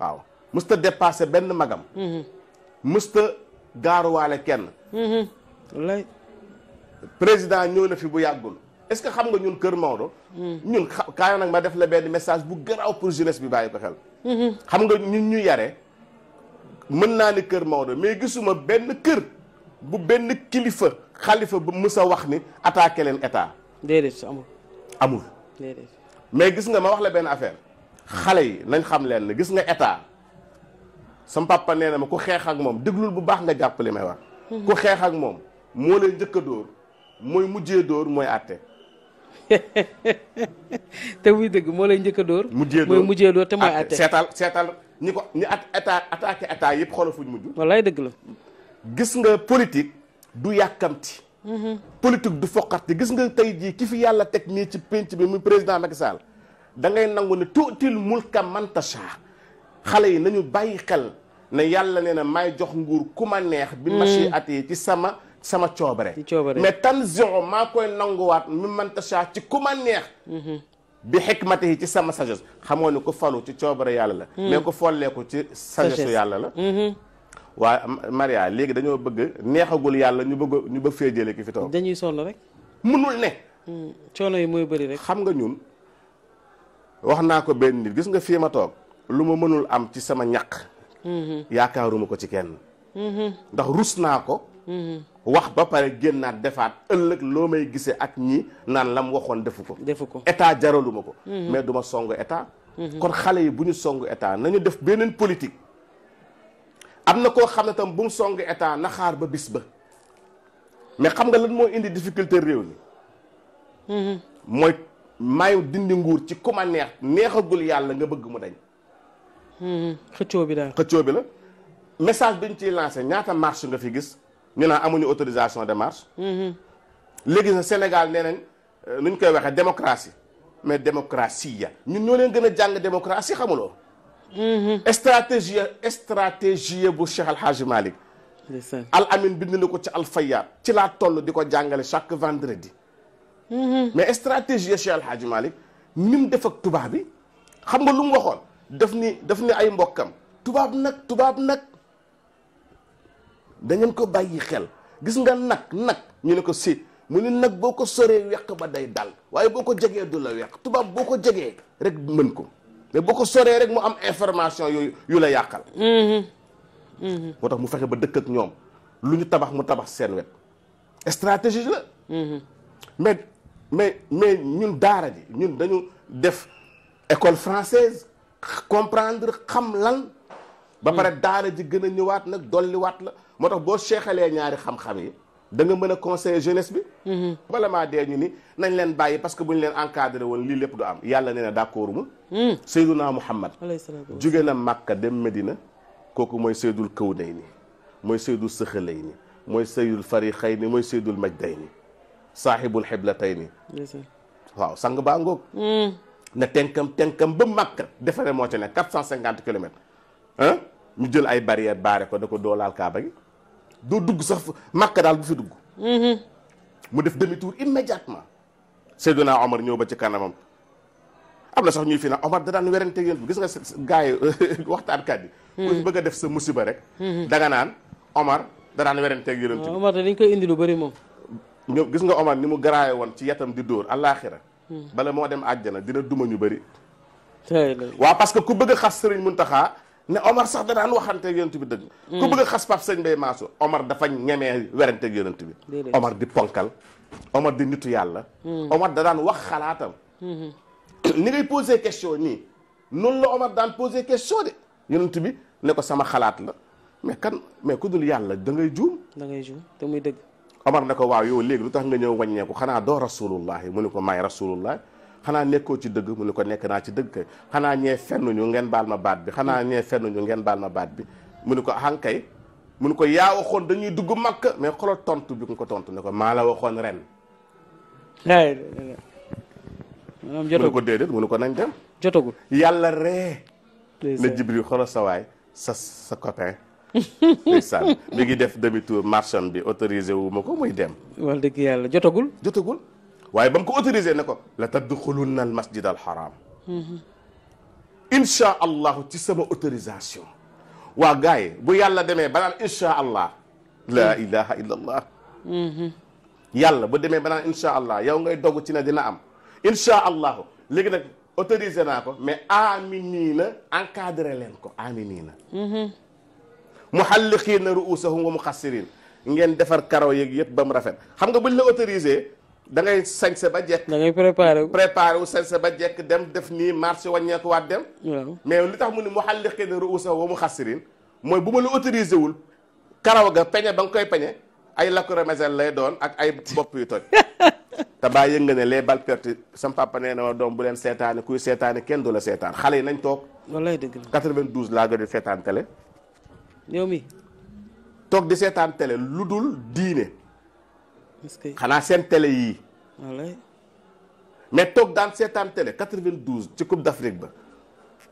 waaw musta dépassé benn magam mhm. musta gaaruwaale kenn mhm. président ñëw na fi bu yàggul est-ce que xam nga ñun Kër Maodo ñun kaay nag ma def la benn message bu garaaw pour jeunesse bi bàyyi ko xel xam nga ñun ñu yare mën naa ni Kër Maodo mais gisuma benn kër bu benn kilifa xalifa bu mës a wax ni attaqué leen état déedéet amul amul mais gis nga ma wax la benn affaire xale yi nañ xam leen ne gis nga état sam papa nee na ma ku xeex ak moom déglul bu baax nga jàpp li may wax. ku xeex ak moom moo lay njëkk a dóor mooy mujjee dóor mooy àtte. [laughs] te muy dëgg moo lay njëkk a dóor. mujjee dóor mujjee dóor te mooy àtte seetal seetal ñi ko ñi at état attaqué état yëpp xoolal fu ñu mujj. wallaay dëgg la. gis nga politique du yàkkamti. politique du foqarte gis nga tey jii ki fi yàlla teg nii ci pénc bi muy président Macky Sall da ngay nangu ne tuutil mulka mantasha xale yi nañu bàyyi xel ne yàlla nee na may jox nguur ku neex. bi mm. machi at yi ci sama sama coobare. mais tanzi'u maa koy nanguwaat mi mantasha ci ku ma neex. Mm-hmm. bi xikmati yi ci sama sagesse xamoo ne ko falu ci coobare yàlla la. Mm. mais ko follee ci sagesse yàlla la. Mm-hmm. waaye Maria léegi dañoo bëgg neexagul yàlla ñu bëgg ñu bëgg fee jëlee ki fi toog. dañuy sonn rek. mënul ne. Hmm, coono yi mooy bëri rek. xam nga ñun wax naa ko benn nit gis nga fii ma toog lu ma mënul am ci sama ñaq. Hmm. yaakaaruma ko ci kenn. Hmm. ndax rus naa ko. wax ba pare génnaat defaat ëllëg loo may gisee ak ñi naan lam waxoon defu ko. defu ko état jaraluma ko. mais duma song état. kon xale yi bu ñu song état nañu def beneen politique. am na koo xam ne tam bu mu song état na xaar ba bis ba mais xam nga lan moo indi difficulté réew mi mm-hmm. mooy mayu dindi nguur ci ku ma neex neexagul yàlla nga bëgg mu dañ mm-hmm. xëccoo bi daal xëccoo bi la message bi ñu ciy lancé ñaata marche nga fi gis ñu naan amuñu autorisation de marche mm-hmm. léegi sa Sénégal nee nañ euh, nu ñu koy waxee démocratie mais démocratie ya ñun ñoo leen gën a jàng démocratie xamuloo Mm-hmm. stratégie stratégie bu Cheikh Al Hadj Malick. al amin bind na ko ci alfayaat ci laa toll di ko jàngale chaque vendredi. Mm-hmm. mais stratégie Cheikh Al Hadj Malick ni mu def ak tubaab bi xam nga lu mu waxoon daf ni daf ni ay mbokkam tubaab nag tubaab nag da ngeen ko bàyyi xel gis nga nag nag ñu ne ko si. mu ne nag boo ko soree weq ba day dal waaye boo ko jegee du la weq tubaab boo ko jegee rek mën ko boo ko soree rek mu am information yooyu yu la yàqal. Mm-hmm. Mm-hmm. moo tax mu fexe ba dëkk ñoom lu ñu tabax mu tabax seen wet stratégie la. Mm-hmm. mais mais mais ñun daara ji ñun dañu def école française comprendre xam lan. ba pare mm. daara ji gën a ñëwaat nag dolliwaat la moo tax boo seexalee ñaari xam-xam yi. da nga mën a conseiller jeunesse bi. Mhm. bala maa dee ñu ni nañ leen bàyyi parce que bu ñu leen encadré woon lii lépp du am. yàlla nee na d' accord mu. Mhm. Seydouna Muhammad. jóge na Màkka dem Medina. kooku mooy Seydul Kawnayni mooy Seydul Sëxalayni mooy Seydul Farixayni mooy Seydul Majdayni saaxibul xiblatayni. waaw sang baa ngoog. Mhm. na tenkam tenkam ba Màkka defaree moo ci ne 450 kilomètres. ah ñu jël ay barrières baare ko da ko doolaal Kaaba gi. doo dugg sax màkk daal bu fi dugg mm-hmm. mu def demi tour immédiatement Seydina Omar ñëw ba ci kanamam am na sax ñuy fi naan Omar da daan werante yéen bi [laughs] mm-hmm. a sa musiba rek mm-hmm. danga naan Omar da daan weranteeg yonent bi ah, Omar dañ koy indi lu bëri moom ñoom gis nga Omar ni mu garaaye woon ci yetam di dóor àllaaxira bala moo dem àjjana dina duma ñu bëri waaw parce ku bëgg a xas Sëriñ Muntaxa ne Omar sax danaan waxante ak bi dëgg. Mm. ku bëgg a xas Pape Sëñ Bay Mansour Omar dafa ñemee werante ak yonent bi. Omar di ponkal Omar di nitu yàlla. Mm. Omar da daan wax xalaatam. Mm-hmm. ni ngay posé question nii noonu la Omar daan posé question de yonent bi ne ko sama xalaat la mais kan mais ku dul yàlla da ngay juum. da ngay juum te muy dëgg. Omar ne ko waaw yow léegi lu tax nga ñëw wàññeeku xanaa doo rasulullahi mu ne ko maay rasulullahi. xanaa nekkoo ci dëgg mu ne ko nekk naa ci dëgg kay xanaa ñee ñu ngeen baal ma baat bi xanaa ñee fennuñu ngeen baal ma baat bi mu ne ko han ah kay mu ne ko yaa waxoon dañuy dugg makka mais xoolal tontu bi nga ko tontu ne ko maa la waxoon ren. maanaam jotagul mu ne ko déedéet mu ne ko nañ dem. jotagul yàlla ree. na jibril xoolal sa waay sa sa copain. [laughs] ndeysaan mi ngi def demi tour marchand bi autorisé wu ko muy dem. wala dëgg yàlla jotagul. jotagul. waaye ba mu ko autorisé ne ko la tadxulunna al masjid al haram incha allahu ci sama autorisation waa gars yi bu yàlla demee ba naan incha allah la ilaha illa allah yàlla bu demee ba naan incha allah yow ngay dogg ci ne dina am incha allahu léegi nag autorisé naa ko mais aminiina encadré leen ko aminiina muhalliqiina ruusahum wa muqassiriin ngeen defar karaw yeeg yëpp ba mu rafet xam nga buñ la autorisé da ngay sañse ba jekk da ngay préparé wu préparé wu ba jekk dem def nii marché wàññeeku waat dem mais li tax mu ne mu xalliqi na ruusa wa mu xassirin mooy bu ma la autorisé wul karaw ga peñe ba nga koy peñe ay lacrymogène lay doon ak ay bopp yu toj [laughs] te baa yënga ne les balles perdues sam papa nee na ma doom bu leen seetaane kuy seetaane kenn du la seetaan xale yi nañ toog wallaay dëgg la 92 laa gën di seetaan télé toog di seetaan tele lu dul diine xanaa seen télé yii. mais toog daan seetaan télé 92 ci Coupe d'Afrique ba.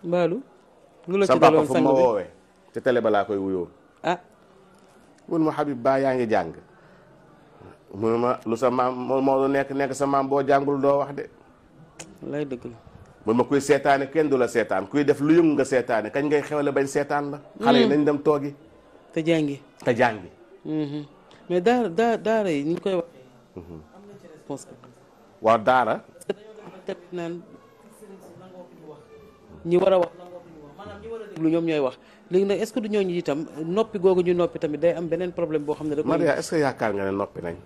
mbaalu. lu la ci daloon sang sa papa fu ma woowee ci télé ba laa koy wuyoo. ah. mun ma Habib Ba yaa ngi jàng. mun ma lu sa maam moo lu nekk nekk sa maam boo jàngul doo wax de. lay dëgg la. mun ma kuy seetaane kenn du la seetaan kuy def lu yëngu nga seetaane kañ ngay xewle bañ seetaan la. xale yi hmm. nañ dem toogi. te jàngi te jàngi. Hmm, hmm. mais daara daa daara yi ni ñu koy waxee. Mhm. waaw daara. parce teg naan sëriñ wax. ñi war a wax lu ñoom ñooy wax léegi nag est ce que du ñooñu itam noppi googu ñu noppi tamit day am beneen problème boo xam ne rek. Maria est yaakaar nga ne noppi nañ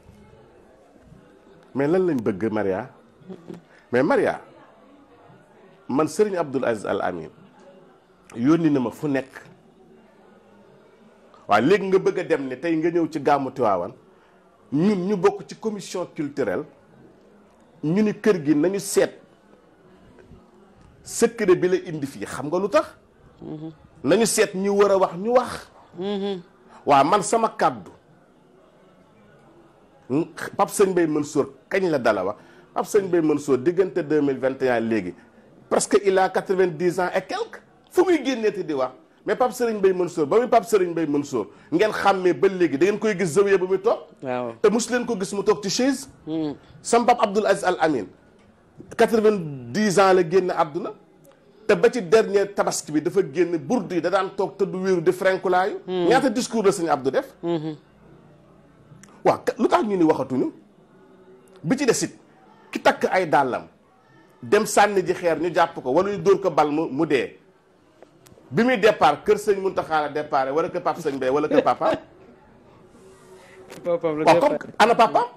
mais lan lañ bëgg Maria. Mm-hmm. mais Maria man sëriñ Abdoul Aziz Al Amin yónni na ma fu nekk. waa léegi nga bëgg a dem ni tey nga ñëw ci gàmmu Tiwaawan ñun ñu bokk ci commission culturelle ñu ni kër gi nañu seet secret bi la indi fii xam nga lu tax mhm. nañu seet ñu war a wax ñu wax mhm. waa man sama kàddu Pape Sëñ Bay Mansour kañ la dala wax Pape Sëñ Bay Mansour diggante deux mille vingt et léegi presque il a quatre-vingt-dix ans et quelque fu muy génnee te di wax mais Pape Serigne mën Mansour ba muy Pape bay mën Mansour ngeen xàmmee ba léegi da ngeen koy gis zawiya ba muy toog waaw te mosu leen ko gis mu toog ci chaise hmm. sam Pape Abdoul Aziz Al Amin quatre-vingt-dix ans la génn àdduna te ba ci dernier tabaski bi dafa génn burdu yi da daan toog te du wéeru di frenkulaayu hmm. ñaata discours la sëñ Abdou def hmm. waaw lu tax ñu ni waxatuñu bi ci desit ki takk ay dàllam dem sànni ji xeer ñu jàpp ko wala ñu dóor ko bal mu mu dee bi muy deppaar kër sëñ Muntaxa la départ wala kër papa sëñ Bay wala kër papa. [laughs] papaam la ana papaam.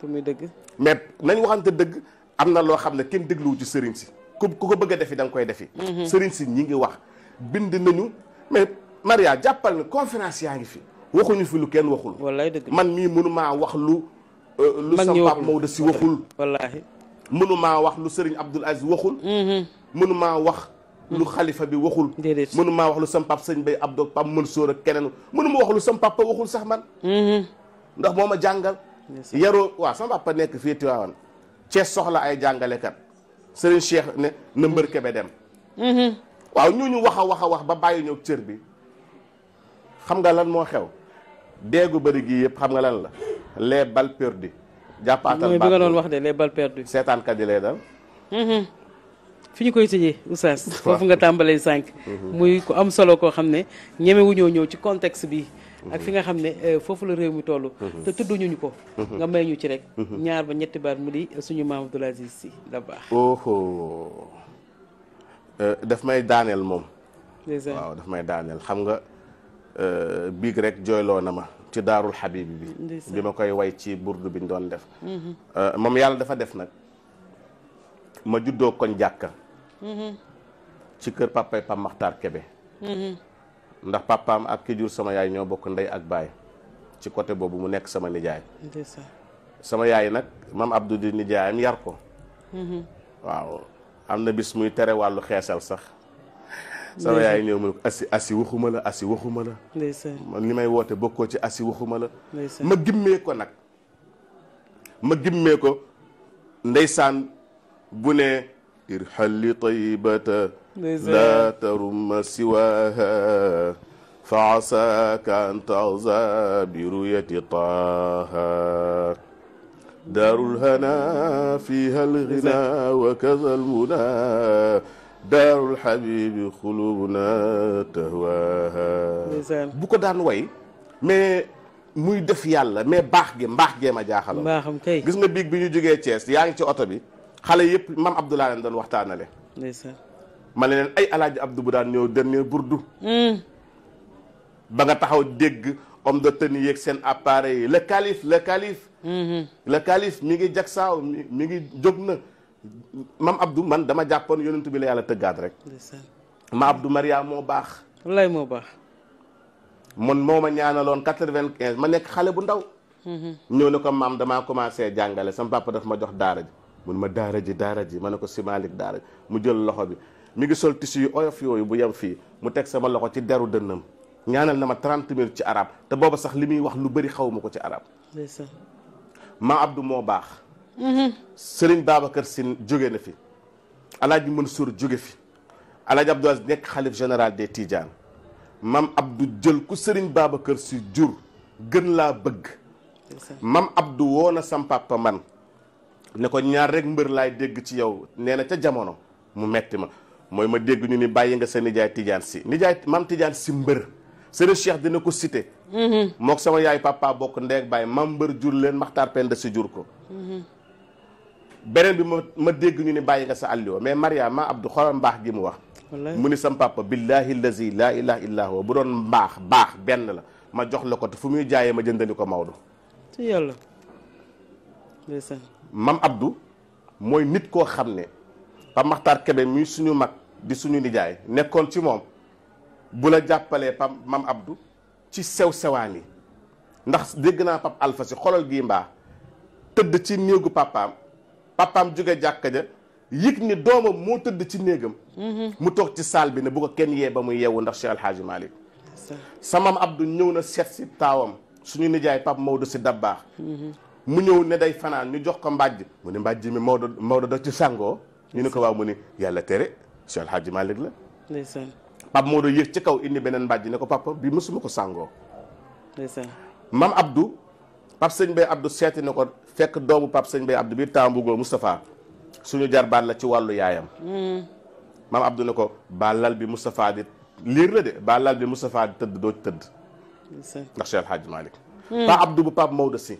te muy dëgg. mais nañ waxante dëgg am na loo xam ne kenn dégluwu ci sëriñ si ku ku ko bëgg a defi da nga koy defi. Mhm. sëriñ si ñi ngi wax bind nañu mais Maria jàppal ne conference yaa ngi fi waxuñu fi lu kenn waxul. wallaay dëgg man mii mënu maa wax lu. Euh, lu sa pap Maodo si waxul. wallaahi mënu maa wax lu sëriñ Abdoul Aziz waxul. Mhm. mënu maa wax. lu xalifa bi waxul mënu wax lu sam pap bay abdou pap Mansour ak keneen mënu ma wax lu sam papa sax man mm-hmm. ndax moo ma jàngal yaroo waaw sama papa nekk fii Tiwaawan Cees soxla ay jàngalekat Serigne Cheikh ne na mbër kebe dem mm-hmm. waaw ñu wax a wax a wax ba bàyyi ñëw cër bi xam nga lan moo xew deegu bëri gii yëpp xam nga lan la les balles perdues jàppaatal mooy bi nga doon wax de les balles perdues seetaankat lay dal mm-hmm. fi ñu koy tëjee oustaz foofu nga tàmbalee sànq. Mhm. muy ku am solo koo xam ne ñemewuñoo ñëw ci contexte bi. Mhm. ak fi nga xam ne euh, foofu la réew mi toll. Mhm. te tudduñu ko. nga may ñu ci rek. ñaar ba ñetti baat mu di suñu maam Abdoul Aziz Sy Dabakh. Euh, daf may daaneel moom. waaw daf may daaneel xam nga euh, biig rek jooyloo na ma ci daarul Habib bi. bi ma koy way ci burdu bi ñu doon def. moom yàlla dafa def nag. ma juddoo koñ jàkka mhm. ci kër papay Pam Maxtaar Kebe mhm. ndax papaam ak ki jur sama yaay ñoo bokk ndey ak baay ci côté boobu mu nekk sama nijaay sama yaay nag mam Abdou di nijaayam yar ko mhm. waaw am na bis muy tere wàllu xeesal sax sama yaay ñëw mu ne ko asi asi waxuma la asi waxuma la man li may woote bokkoo ci asi waxuma la ma gimmee ko nag ma gimmee ko ndeysaan bu ne irxal li taybata laa tarumma siwaaha fa asaaka an taxza bi ruyati taaha daarul hanaa fiiha alxinaa wa kaza almunaa daarul xabiibi xulubunaa tahwaaha bu ko daan way mais muy def yàlla mais baax gi mbaax gee ma jaaxaloon gis nga biig bi ñu jógee Thiès yaa ngi ci oto bi xale yëpp mam Abdoulaye leen doon waxtaanale. ndeysaan ma ne leen ay alaaji Abdou bu daan ñëw dernier burdu. Hmm. ba nga taxaw dégg homme de tenue yeeg seen appareil yi le calife le calife. Hmm. le calife mi ngi jagsaaw mi mi ngi jóg na mam Abdou man dama jàppoon yonent bi la yàlla tëggaat rek. ma Abdou Maria moo baax. wallaay moo baax. man moo ma ñaanaloon quatre-vingt-quinze ma nekk xale bu ndaw. Hmm. ñëw ne ko maam damaa commencé jàngale sama papa daf ma jox daara ji. mun ma daara ji daara ji ma ne ko simaalik daara mu jël loxo bi mi ngi sol tissu yu oyof yooyu bu yem fii mu teg sama loxo ci deru dënnam ñaanal na ma trente minutes ci arab te booba sax li muy wax lu bëri xaw ma ko ci arab ma Abdou moo baax mm-hmm. Serigne kër Sy jóge na fi mën Mansour jóge fi Alaaji Abdou Aziz nekk xalif général des Tidianes mam Abdou jël ku Serigne Babacar Sy jur gën laa bëgg mam Abdou woona sam papa man ne ko ñaar rek mbër laay dégg ci yow nee na ca jamono mu metti ma mooy ma dégg ñu ni bàyyi nga sa nijaay Tidiane si nijaay maam Tidiane si mbër sëriñ Cheikh dina ko cité mhm. mook sama yaay papa bokk ndeeg bàyyi mam mbër jur leen maxtaar penda si jur ko mhm. beneen bi ma ma dégg ñu ni bàyyi nga sa allio mais Mariama Abdou xoolal mbaax gi mu wax mu ni sam papa billahi lazi laa ilaha illa huwa bu doon mbaax baax benn la ma jox la ko te fu muy jaayee ma jëndali ko Maodo mam Abdou mooy nit koo xam ne Pape Makhtar Kébé muy suñu mag di suñu nijaay nekkoon ci moom bu la jàppalee Pape mam abdu ci sew sewaan yi ndax dégg naa Pape Alpha si xolal gii mbaa tëdd ci néegu papaam papaam jóge jàkka ja yëg ni doomam moo tëdd ci néegam mhm. mu toog ci saal bi ne bu kenn yee ba mu yeewu ndax Cheikh Alhaaji Malick samam Abdou ñëw na seet si taawam suñu nijaay Pape Maodo si baax mu ñëw ne day fanaan ñu jox ko mbàjj mu ne mbàjj mi Maodo Maodo da ci sàngoo ñu ne ko waaw mu ne yàlla tere Cheikh El Hadji Malick la ndeysaan Pape Maodo yéeg ci kaw indi beneen mbàjj ne ko papa bi mosuma ko sàngoo ndeysaan abdu Abdou Pape Sëñ Bay Abdou seeti na ko fekk doomu Pape Sëñ Bay Abdou biir Tambougo Moustapha suñu jarbaat la ci wàllu yaayam hmm. Mame Abdou ne ko bàllal bi Moustapha di liir la de bàllal bi Moustapha di tëdd doo tëdd ndax Cheikh El Hadji Malick hmm. Pape bu Pape Maodo si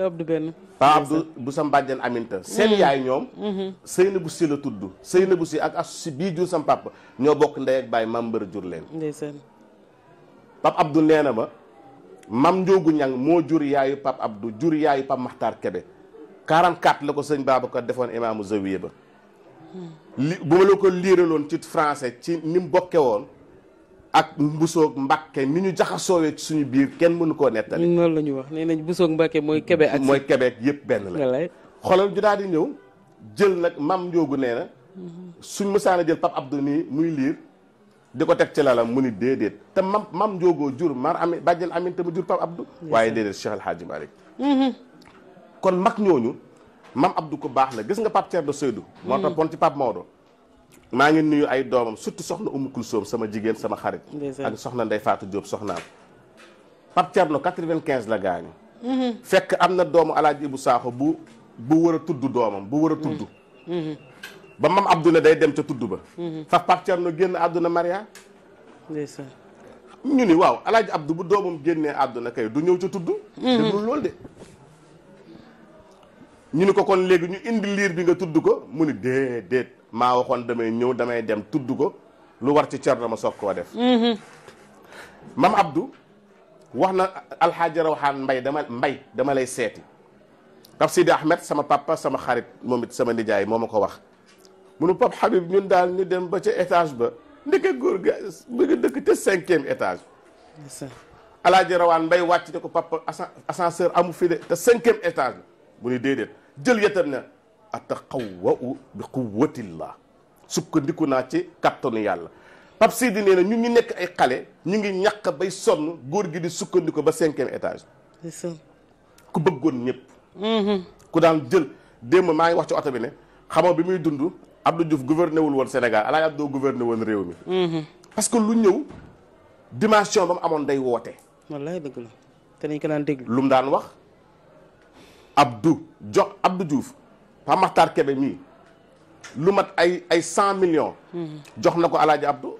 Abdou benn Pa Abdou bu sa mbàjjan Aminta seen mm. yaay ñoom mm-hmm. Seynabou Sy la tudd Seynabou Sy ak asu si bii jur sam papa ñoo bokk ndey ak baay maam mbër jur leen ndeysaan Pape Abdou nee mam Njoogu Ñang moo jur yaayu Pape Abdou jur yaayu Pape Maxtaar Kebe 44 la ko sëñ Babacar defoon imaamu zawiya ba mm. li bu ma la ko liiraloon ci français ci ni bokke woon ak mbusoog mbàkke ni ñu jaxasoowee ci suñu biir kenn mënu koo nettali. noonu la ñu wax nee nañ mbusoog mbàkke mooy Québec ak mooy Québec yëpp benn la. xoolal ju daal di ñëw jël nag mam Ndiogu nee na. suñ mësaana jël Pape Abdou nii muy liir di ko teg ci lalam mu ni déedéet te mam mam Ndiogu jur mar ami bàjjël amin te mu jur Pape Abdou. waaye déedéet Cheikh El mm-hmm. kon mag ñooñu mam Abdou ko baax la gis nga Pape Thierno Seydou. moo mm-hmm. tax pon ci Pape Maodo. maa ngi nuyu ay doomam surtout soxna Umu Kulsoom sama jigéen sama xarit. ak soxna Ndey Faatu Diop soxnaam. Pape Thierno 95 la gaañu. Mhm. fekk am na doomu Alaaji Ibu Saaxo bu bu war a tudd doomam bu war a tudd. Mhm. Mhm. ba mam Abdoulaye day dem ca tudd ba. fa Pape Thierno génn àdduna Maria. ndeysaan. ñu ni waaw Alaaji Abdou bu doomam génnee àdduna kay du ñëw ca tudd. déglu loolu de. ñu ni ko kon léegi ñu indi liir bi nga tudd ko mu ni déedéet. maa waxoon damay ñëw damay dem tudd ko lu war ci Cerno ma soog koo def mhm. mam Abdou wax na alxaaji Rawaan mbay dama mbay dama lay seeti Pap Sidi Ahmed sama pappa sama xarit moom it sama nijaay moom ma ko wax munu Pap Habib ñun daal ñu dem ba ca étage ba ndeke góor ga bi nga dëkk ca cinquième étage alaaji Rawaan mbay wàcc ne ko papa ascenseur amu fi de te cinquième étage bu mu ni déedéet jël yëtam na ataqawwau bi quwwatillah sukkandiku naa ci kàttanu yàlla Pape Seydi nee na ñu nekk ay xale ñu ngi ñàq bay sonn góor gi di sukkandiku ba cinquième étage ku bëggoon ñëpp mm-hmm. ku daan jël démb maa ngi wax ci oto bi ne xamoo bi muy dund Abdou Diouf gouverné wul woon Sénégal Alaaji Abdou gouverné woon réew mi mm-hmm. parce que lu ñëw dimension ba mu amoon day woote wallaay dëgg la te dañ ko daan déglu lu mu daan wax Abdou jox Abdou Diouf Pa Maxtaar Kebe mii lu mat ay ay cent millions. jox na ko Alaaji Abdou.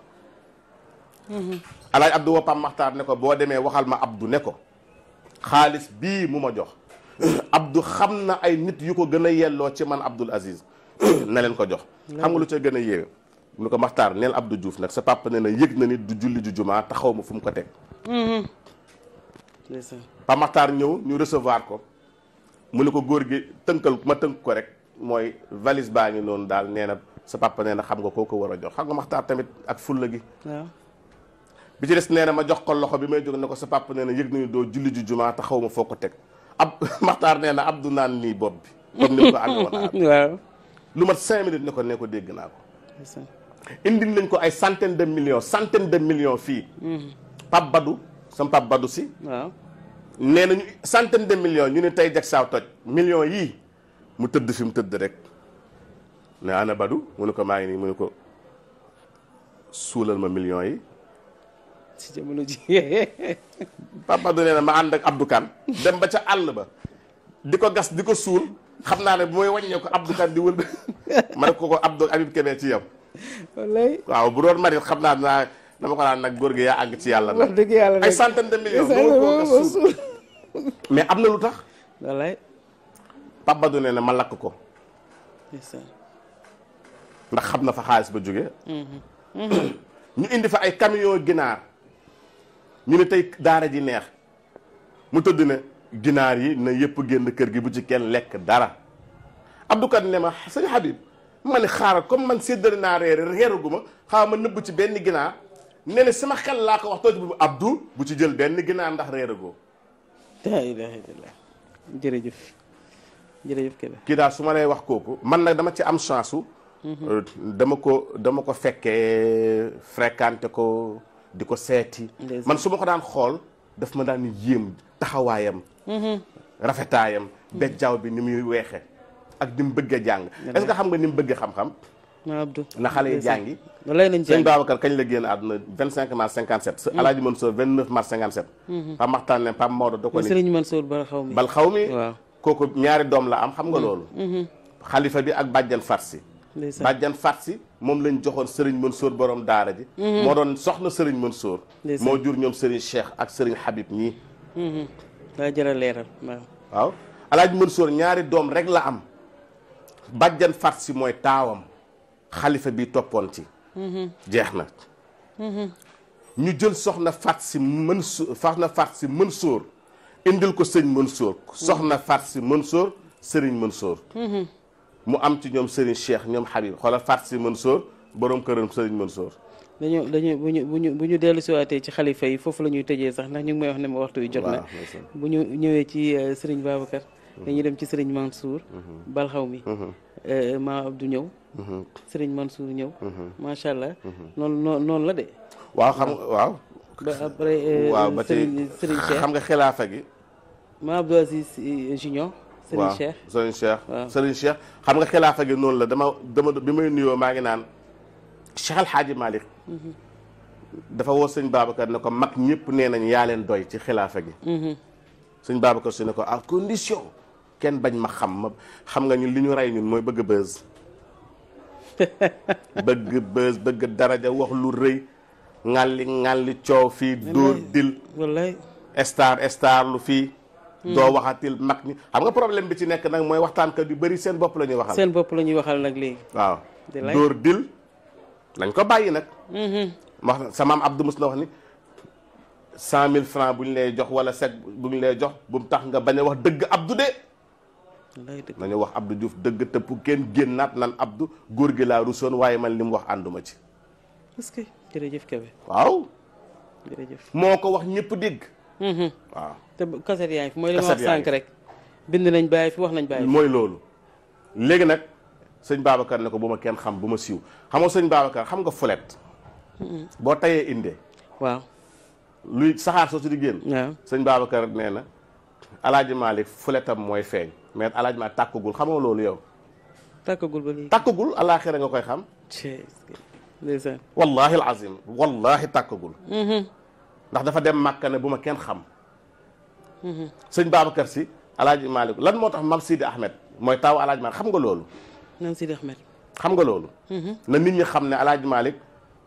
Mhm. Alaaji Abdou woo Pa ne ko boo demee waxal ma Abdou ne ko xaalis bii mu ma jox [clears throat] Abdou xam na ay nit yu ko gën a yelloo ci man Abdoul Aziz [clears throat] na leen ko jox. Mhm. xam nga lu ca gën a yéeme. mu ne ko Maxtaar neel Abdou juuf nag sa papa ne na yëg na nit du julli ju jumaa taxaw ma fu mu ko teg. Mhm. Pa Maxtaar ñëw ñu recevoir ko. mu ne ko góor gi tënkal ma tënk ko rek mooy valise baa ngi noonu daal nee na sa papa nee na xam nga koo ko war a jox xam nga maxtaar tamit ak fulla gi bi ci des nee na ma jox ko loxo bi may jóg ne ko sa papa nee na yëg nañu doo julli ju jumaa te xaw ma foo ko teg ab [laughs] maxtaar nee na ab du naan nii bopp bi comme ni ko ànd woon [laughs] lu mat cinq minutes ne ko ne ko dégg naa ko indi nañ ko ay centaine de million centaine de million fii mm-hmm. Pape Badou sam Pape Badou si nee nañu centaine de millions ñu ne tey jag saaw toj million yii mu tëdd fi mu tëdd rek ne ana badu mu ne ko maa ngi nii mu ne ko suulal ma million yi. ci jamono ji [laughs] papa du nee ma ànd ak Abdou dem ba ca àll ba di ko gas di ko suul xam naa ne bu may wàññee ko Abdou Kane di wël [laughs] ma ne ko ko Abdou Habib Kébé ci yow. wallaay waaw bu doon marit xam naa naa. dama ko naan nag góor gi yaa àgg ci yàlla nag dëgg yàlla ay centaine de millions doo mais am na lu tax wallaay Pape na ma lakk ko ndax xam na fa xaalis ba jóge mm-hmm. ñu indi fa ay camion ginaar ñu ne tey daara ji neex mu tëdd ne ginaar yi na yëpp génn kër gi bu ci kenn lekk dara Abdou ne ma sëñ Habib ma ne xaaral comme man séddale naa reere reeraguma xaaral ma nëbb ci benn ginaar nee na sama xel laa ko wax tooj bu Abdou bu ci jël benn ginaar ndax réeragoo. laa ilaaha illallaah jërëjëf jërëjëf kii daal su ma lay wax kooku man nag dama ci am chance su. Mhm. Euh, dama ko dama ko fekkee fréquenté ko di ko seeti. man su ma ko daan xool daf ma daan yéem taxawaayam. Mhm. rafetaayam. Mhm. bejjaaw bi ni muy weexe ak ni mu bëggee jàng. est-ce que xam nga ni mu bëggee xam-xam. Abdou na xale yi jàngi lay nañ sëñ Babacar kañ la génn àdduna 25 mars 57 sa mm. alaaji Mansour 29 mars 57 mm-hmm. Pape Maxtaan ne Pape bal xaw mi bal kooku ñaari doom la am xam nga mm-hmm. loolu mm-hmm. xalifa bi ak bàjjan farsi bàjjan farsi moom lañ joxoon sëriñ Mansour borom daara ji moo doon soxna sëriñ Mansour moo jur ñoom sëriñ Cheikh ak sëriñ Habib ñii daa jëra leeral waaw waaw alaaji Mansour ñaari doom rek la am bàjjan si mooy taawam xalifa bi toppoon ci jeex na ñu jël soxna fat si mën sóor soxna fat si mën sóor indil ko sëñ mën sóor soxna fat si mën sóor sëriñ mën sóor mu am ci ñoom sëriñ cheikh ñoom xabib xoolal fat si mën sóor boroom këram sëriñ mën soor dañu dañu bu ñu bu ñu bu ñu dellu siwaatee ci xalifa yi foofu la ñuy tëjee sax ndax ñu ngi may wax ne ma waxtu wi jot na bu ñu ñëwee ci euh, sëriñ Babacar dañuy dem ci sëriñ Mansour mhm. bal xaw mi mhm. euh, ma Abdou ñëw Serigne Mansour ñëw. Mhm. macha allah. Mhm. noonu noonu noonu la de. waaw xam waaw. ba après. Eh, waaw ba tey Serigne Cheikh xam nga xilaafa gi. ma Abdou Aziz eh, Junior. Serigne Cheikh waaw Serigne Cheikh. waaw Serigne Cheikh xam nga xilaafa gi noonu la dama dama bi may nuyoo maa ngi naan Cheikh El Hadji Malick. Mhm. dafa woo sëñ Babacar ne ko mag ñëpp nee nañ yaa leen doy ci xilaafa gi. sëñ Babacar su ne ko à condition kenn bañ ma xam ma xam nga ñun li ñu rey ñun mooy bëgg a bës. bëgg bës bëgg daraja wax lu rëy ŋàlli ŋàlli coow fii dóor dil wallaay star star lu fii hmm. doo waxatil mag ñi xam nga problème bi ci nekk nag mooy waxtaankat yu bëri seen bopp la ñuy waxal seen bopp la ñuy waxal nag léegi waaw dóor dil dañ ko bàyyi nag hmm. wax sa maam Abdou Moussa wax ni cent mille francs bu ñu lay jox wala sec bu ñu lay jox bu mu tax nga bañ a wax dëgg Abdou de nañu wax Abdou Diouf dëgg tëpp kenn génn génnaat nan Abdou góor gi laa rusoon waaye man li mu wax ànduma ci. est que jërëjëf Kébé. waaw. jërëjëf moo ko wax ñëpp dégg. Mm-hmm. waaw te kaset fi mooy li ma nañ bàyyi fi wax nañ mooy loolu. léegi nag sëñ Babacar ne ko bu ma kenn xam bu ma siiw xam nga sëñ Babacar xam nga fulet. Mm-hmm. boo tayee indee. waaw. luy saxaar soo si di génn. sëñ Babacar nee na. alaaji Malick fuletam mooy feeñ. mais alaaj ma tàkkagul xamoo loolu yow. tàkkagul ba léegi tàkkagul alaaxira nga koy xam. ndeysaan wallaahi alazim wallaahi tàkkagul. Mhm. ndax dafa dem màkka ne bu ma kenn xam. Mhm. sëñ Babacar si alaaji Malick lan moo tax mam Sidi Ahmed mooy taaw alaaj Malick xam nga loolu. mam Sidi Ahmed. xam nga loolu. Mhm. na nit ñi xam ne alaaji Malick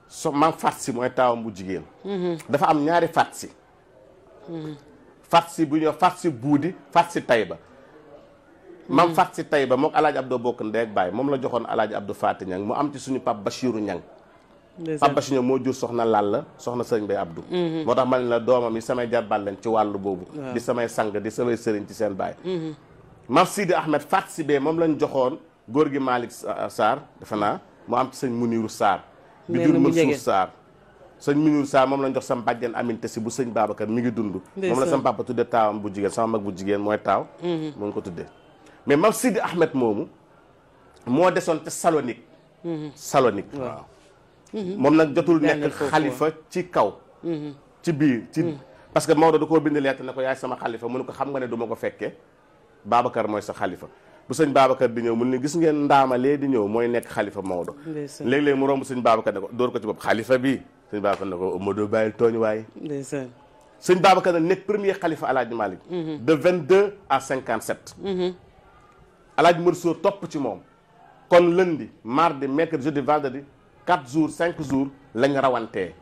so mam fat si mooy taawam bu jigéen. dafa am ñaari fat si. fat si bu ñëw fat si buudi fat si tay ba mam fat si tay ba mook alaaj Abdou bokk ndey ak baay moom la joxoon alaaj Abdou Faati Ñang mu am ci suñu pap Bachiru Ñang pap Bachiru Ñang moo jur soxna Lalla soxna sëriñ Bay Abdou mhm. moo tax ma ne la doomam yi samay jarbaat lañ ci wàllu boobu di samay sang di samay sëriñ ci seen baay mhm. mam Sidi Ahmed fat si bee moom lañ joxoon góor gi Malick euh, Sarr defe naa mu am sëñ Muniru Sarr bi jur Mansour Sarr sëñ Muniru Sarr moom lañ jox sam bàjjen aminte si bu sëñ baabakat mu ngi dund moom la sam papa tudde taawam bu jigéen sama mag bu jigéen mooy taaw mhm. mu ngi ko tuddee mais Mam Sidi Ahmed moomu moo desoon te Salonique. Mhm. Salonique waaw. Mhm. moom nag jotul nekk xalifa ci kaw. Mhm. ci biir ci parce que Maodo da koo bind lettre na ko yaay sama xalifa mu ne ko xam nga ne du ma ko fekkee Babacar mooy sa xalifa. bu sëñ Babacar di ñëw mu ne gis ngeen ndaama di ñëw mooy nekk xalifa Maodo. léeg-léeg mu romb sëñ Babacar ne ko dóor ko ci bopp xalifa bi sëñ Babacar ne ko oh, Modou bàyyil tooñ waaye. ndeysaan sëñ Babacar nag nekk premier xalifa El Hadj Malick. de 22 à alaaj soo topp ci moom kon lundi mardi mercredi jeudi vendredi quatre jours cinq jours lañ rawantee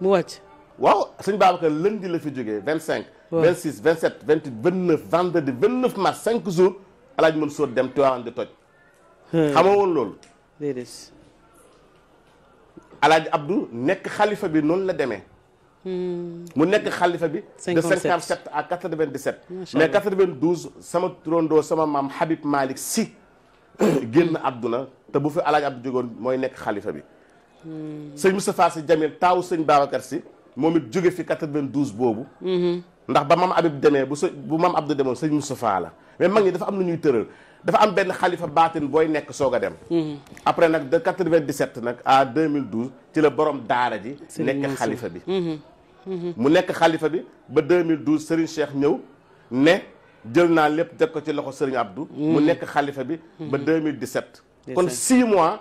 mu wàcc waaw sëñ Babacar lundi la fi jógee vingt cinq vingt six vingt sept vingt huit vingt neuf vendredi vingt neuf mars cinq jours alaaj Mansour dem Tiwaawan di toj xamoo woon loolu déedéet alaaj abdu nekk xalifa bi noonu la demee Hmm. mu nekk xalifa bi de 57 à 97 mais 92 sama turandoo sama maam Habib Malick Sy [clears throat] génn àdduna te bu fi alaaj Abdou jógoon mooy nekk xalifa bi hmm. sëñ Moustapha Sy Jamil taawu sëñ Babacar Sy moom it jóge fi 92 boobu hmm. ndax ba maam Habib demee bu sëñ bu maam Abdou demoon sëñ Moustapha la mais mag ñi dafa am lu ñuy tëral dafa am benn xalifa baatin booy nekk soog a dem après nag de 97 nag à 2012 ci la borom daara ji nekk xalifa bi mu nekk xalifa bi ba 2012 Serigne Cheikh ñëw ne jël naa lépp def ko ci loxo Serigne Abdou. mu mm. nekk xalifa bi ba 2017. Mm-hmm. kon 6 mois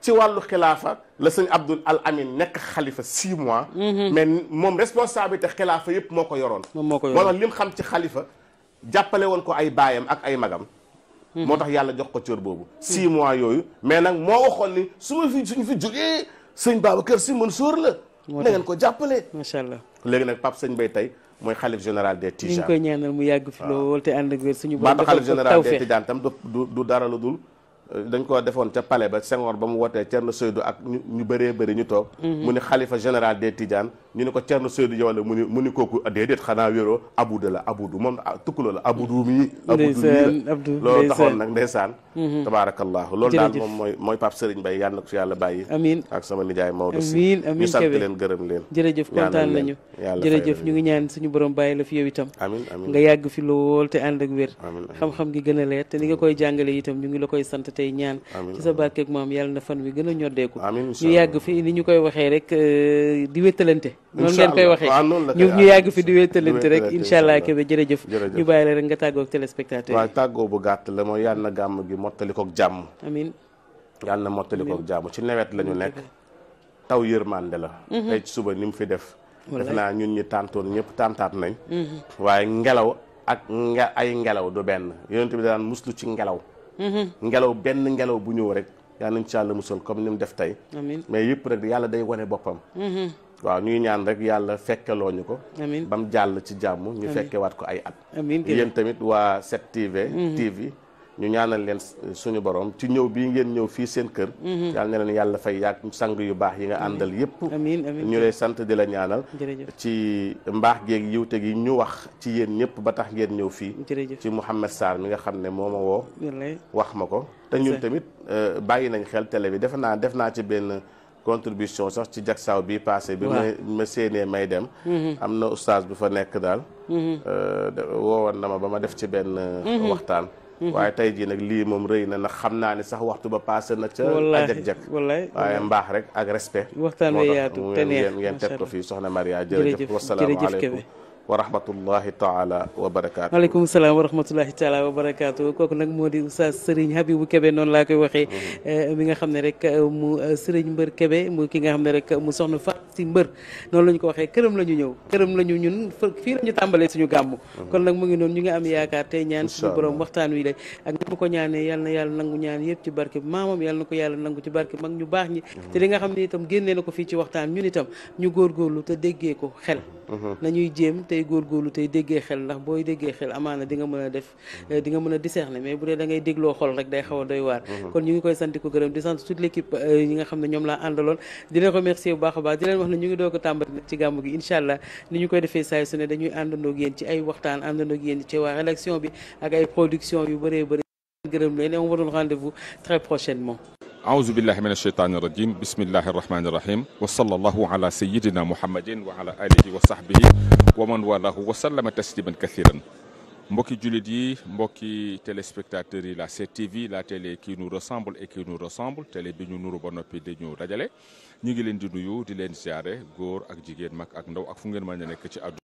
ci wàllu xilaafa la sëñ Abdoul Al Amin nekk xalifa 6 mois. Mm-hmm. mais moom responsabilité xilaafa yëpp moo ko yoroon. moom moo ko yoroon moo tax lim xam ci xalifa jàppale woon ko ay baayam ak ay magam. Mm-hmm. moo tax yàlla jox ko cër boobu. 6 mois yooyu mais nag moo waxoon ni su ma fi suñu fi jógee sëñ Babacar Sy Mansour la. na ngeen ko jàppale. macha allah léegi nag Pape Sëñ Bay tey mooy xalif général des Tidianes. ñu ngi mu yàgg fi lool te ànd ak suñu. borom defal ko tawfeex xalif tam du du dara la dul. Euh, dañ koo defoon ca pale ba Senghor ba mu wootee Thierno Seydou ak ñu ñu bëree bëri ñu toog. Mm-hmm. mu ne xalifa général des Tidianes. ñu ne ko Thierno Seydou Diawara mu ni mu ni kooku ah, déedéet xanaa wéeroo abudu la abudu moom ah, tukkula la abudu mi abudu mi loolu taxoon nag ndeysaan mm-hmm. tabaarakallahu loolu daal moom mooy mooy Pape Serigne Mbaye yàlla na ko fi yàlla bàyyi amiin ak sama nijaay Maodo si ñu sant leen gërëm leen jërëjëf kontaan nañu jërëjëf ñu ngi ñaan suñu borom bàyyi la fi yow itam amiin amiin nga yàgg fi lool te ànd ak wér xam-xam gi gën a leer te ni nga koy jàngale itam ñu ngi la koy sant tey ñaan ci sa barkeeg moom yàlla na fan wi gën a ñoddeeku ñu yàgg fi ni ñu koy waxee rek euh, di wéttalante noonu ngeen koy waxee ñu ñu yàgg fi di wéetalante rek incha allah kebe jërëjëf ñu bàyyi la rek nga tàggoo ak téléspectateur waaw tàggoo bu gàtt la mooy yàlla na gàmm gi mottali koog jàmm amin yàlla na mottali koog ci nawet lañu nekk taw yërmande la mhm. tey suba ni mu fi def def naa ñun ñi tàntoon ñëpp tàntaat nañ mhm. waaye ngelaw ak nga ay ngelaw du benn yonent bi daan muslu ci ngelaw mhm. ngelaw benn ngelaw bu ñëw rek yàlla nañ ci yàlla musal ni mu def tey mais yàlla day wone boppam waaw ñuy ñaan rek yàlla fekkeloo ñu ko ba mu jàll ci jàmm ñu fekkewaat ko ay at yéen tamit waa 7TV mhm. ñu ñaanal leen suñu borom ci ñëw bii ngeen ñëw fii seen kër mhm. yàlla na leen yàlla fay yàgg sang yu baax yi nga àndal yépp ñu lay sant di la ñaanal ci mbaax géeg yiwte gi ñu wax ci yéen ñëpp ba tax ngeen ñëw fii ci Mouhamed Sarr mi nga xam ne moo ma woo wax ma ko te ñu tamit euh, bàyyi nañ xel tele bi def naa def naa ci benn contribution sax ci jagsaaw bi passé bi ma ma séenee may dem mhm. am na oustaz bu fa nekk daal mhm. euh, woowoon na ma ba ma def ci benn mhm. waxtaan waaye tey jii nag lii moom rëy na ndax xam naa ne sax waxtu ba passé na ca ajak-jak wallaay waaye mbaax rek ak respect waxtaan wi yaatu te neex ngeen teg ko fii soxna Maria jërëjëf wasalaamaaleykum wa rahmatullahi taala wa barakaatu. waaleykum salaam wa rahmatullahi taala wa barakaatu kooku nag moo di oustaz Serigne Habibou Kebe noonu laa koy waxee. Eh, mi nga xam ne rek eh, mu eh, Serigne Mbër Kebe mu ki nga xam ne rek mu soxna Fatou si Mbër noonu la ñu ko waxee këram la ñu ñëw këram la ñu ñun fii la ñu tàmbalee suñu gàmm. Mm-hmm. kon nag mu ngi noonu ñu ngi am yaakaar tey ñaan suñu waxtaan wi la ak ñëpp ko ñaanee yal na yàlla nangu ñaan yëpp ci barke maamam yal na ko yàlla nangu ci barke mag ñu baax ñi. Mm-hmm. te li nga xam ne itam génnee na ko fii ci waxtaan ñun itam ñu góorgóorlu te déggee ko xel mm-hmm. tey góorgóorlu tey déggee xel ndax booy déggee xel amaana di nga mën a def eh, di nga mën a discerner mais bu dee da ngay dégloo xol rek day xaw a doy waar mhm. kon ñu ngi koy sant ko gërëm di sant toute l'équipe ñi eh, nga xam ne ñoom laa àndaloon di remercier bu baax a baax di leen wax ne ñu ngi doog a tàmbali ci gàmmu gi incha allah ni ñu koy defee saa su ne dañuy àndandoog yéen ci ay waxtaan àndandoog yéen ci waa rédaction bi ak ay production yu bëree bëri gërëm leen et on aousubillahi min alsheytani irajim bismillahi arrahmani irrahim wa sallallahu ala sayidina muhammadin wa ala alihi wa sahbihi wa man walahu wa sallama tasliman kathiran mbokki jullit yi mbokki téléspectateurs yi la 7TV la télé qui nous ressemble et qui nous ressemble télé bi ñu nuru ba noppi di ñu dajale ñu ngi leen di nuyu di leen siyaare góor ak jigéen mag ak ndaw ak fu ngeen mën a nekk ci àdduna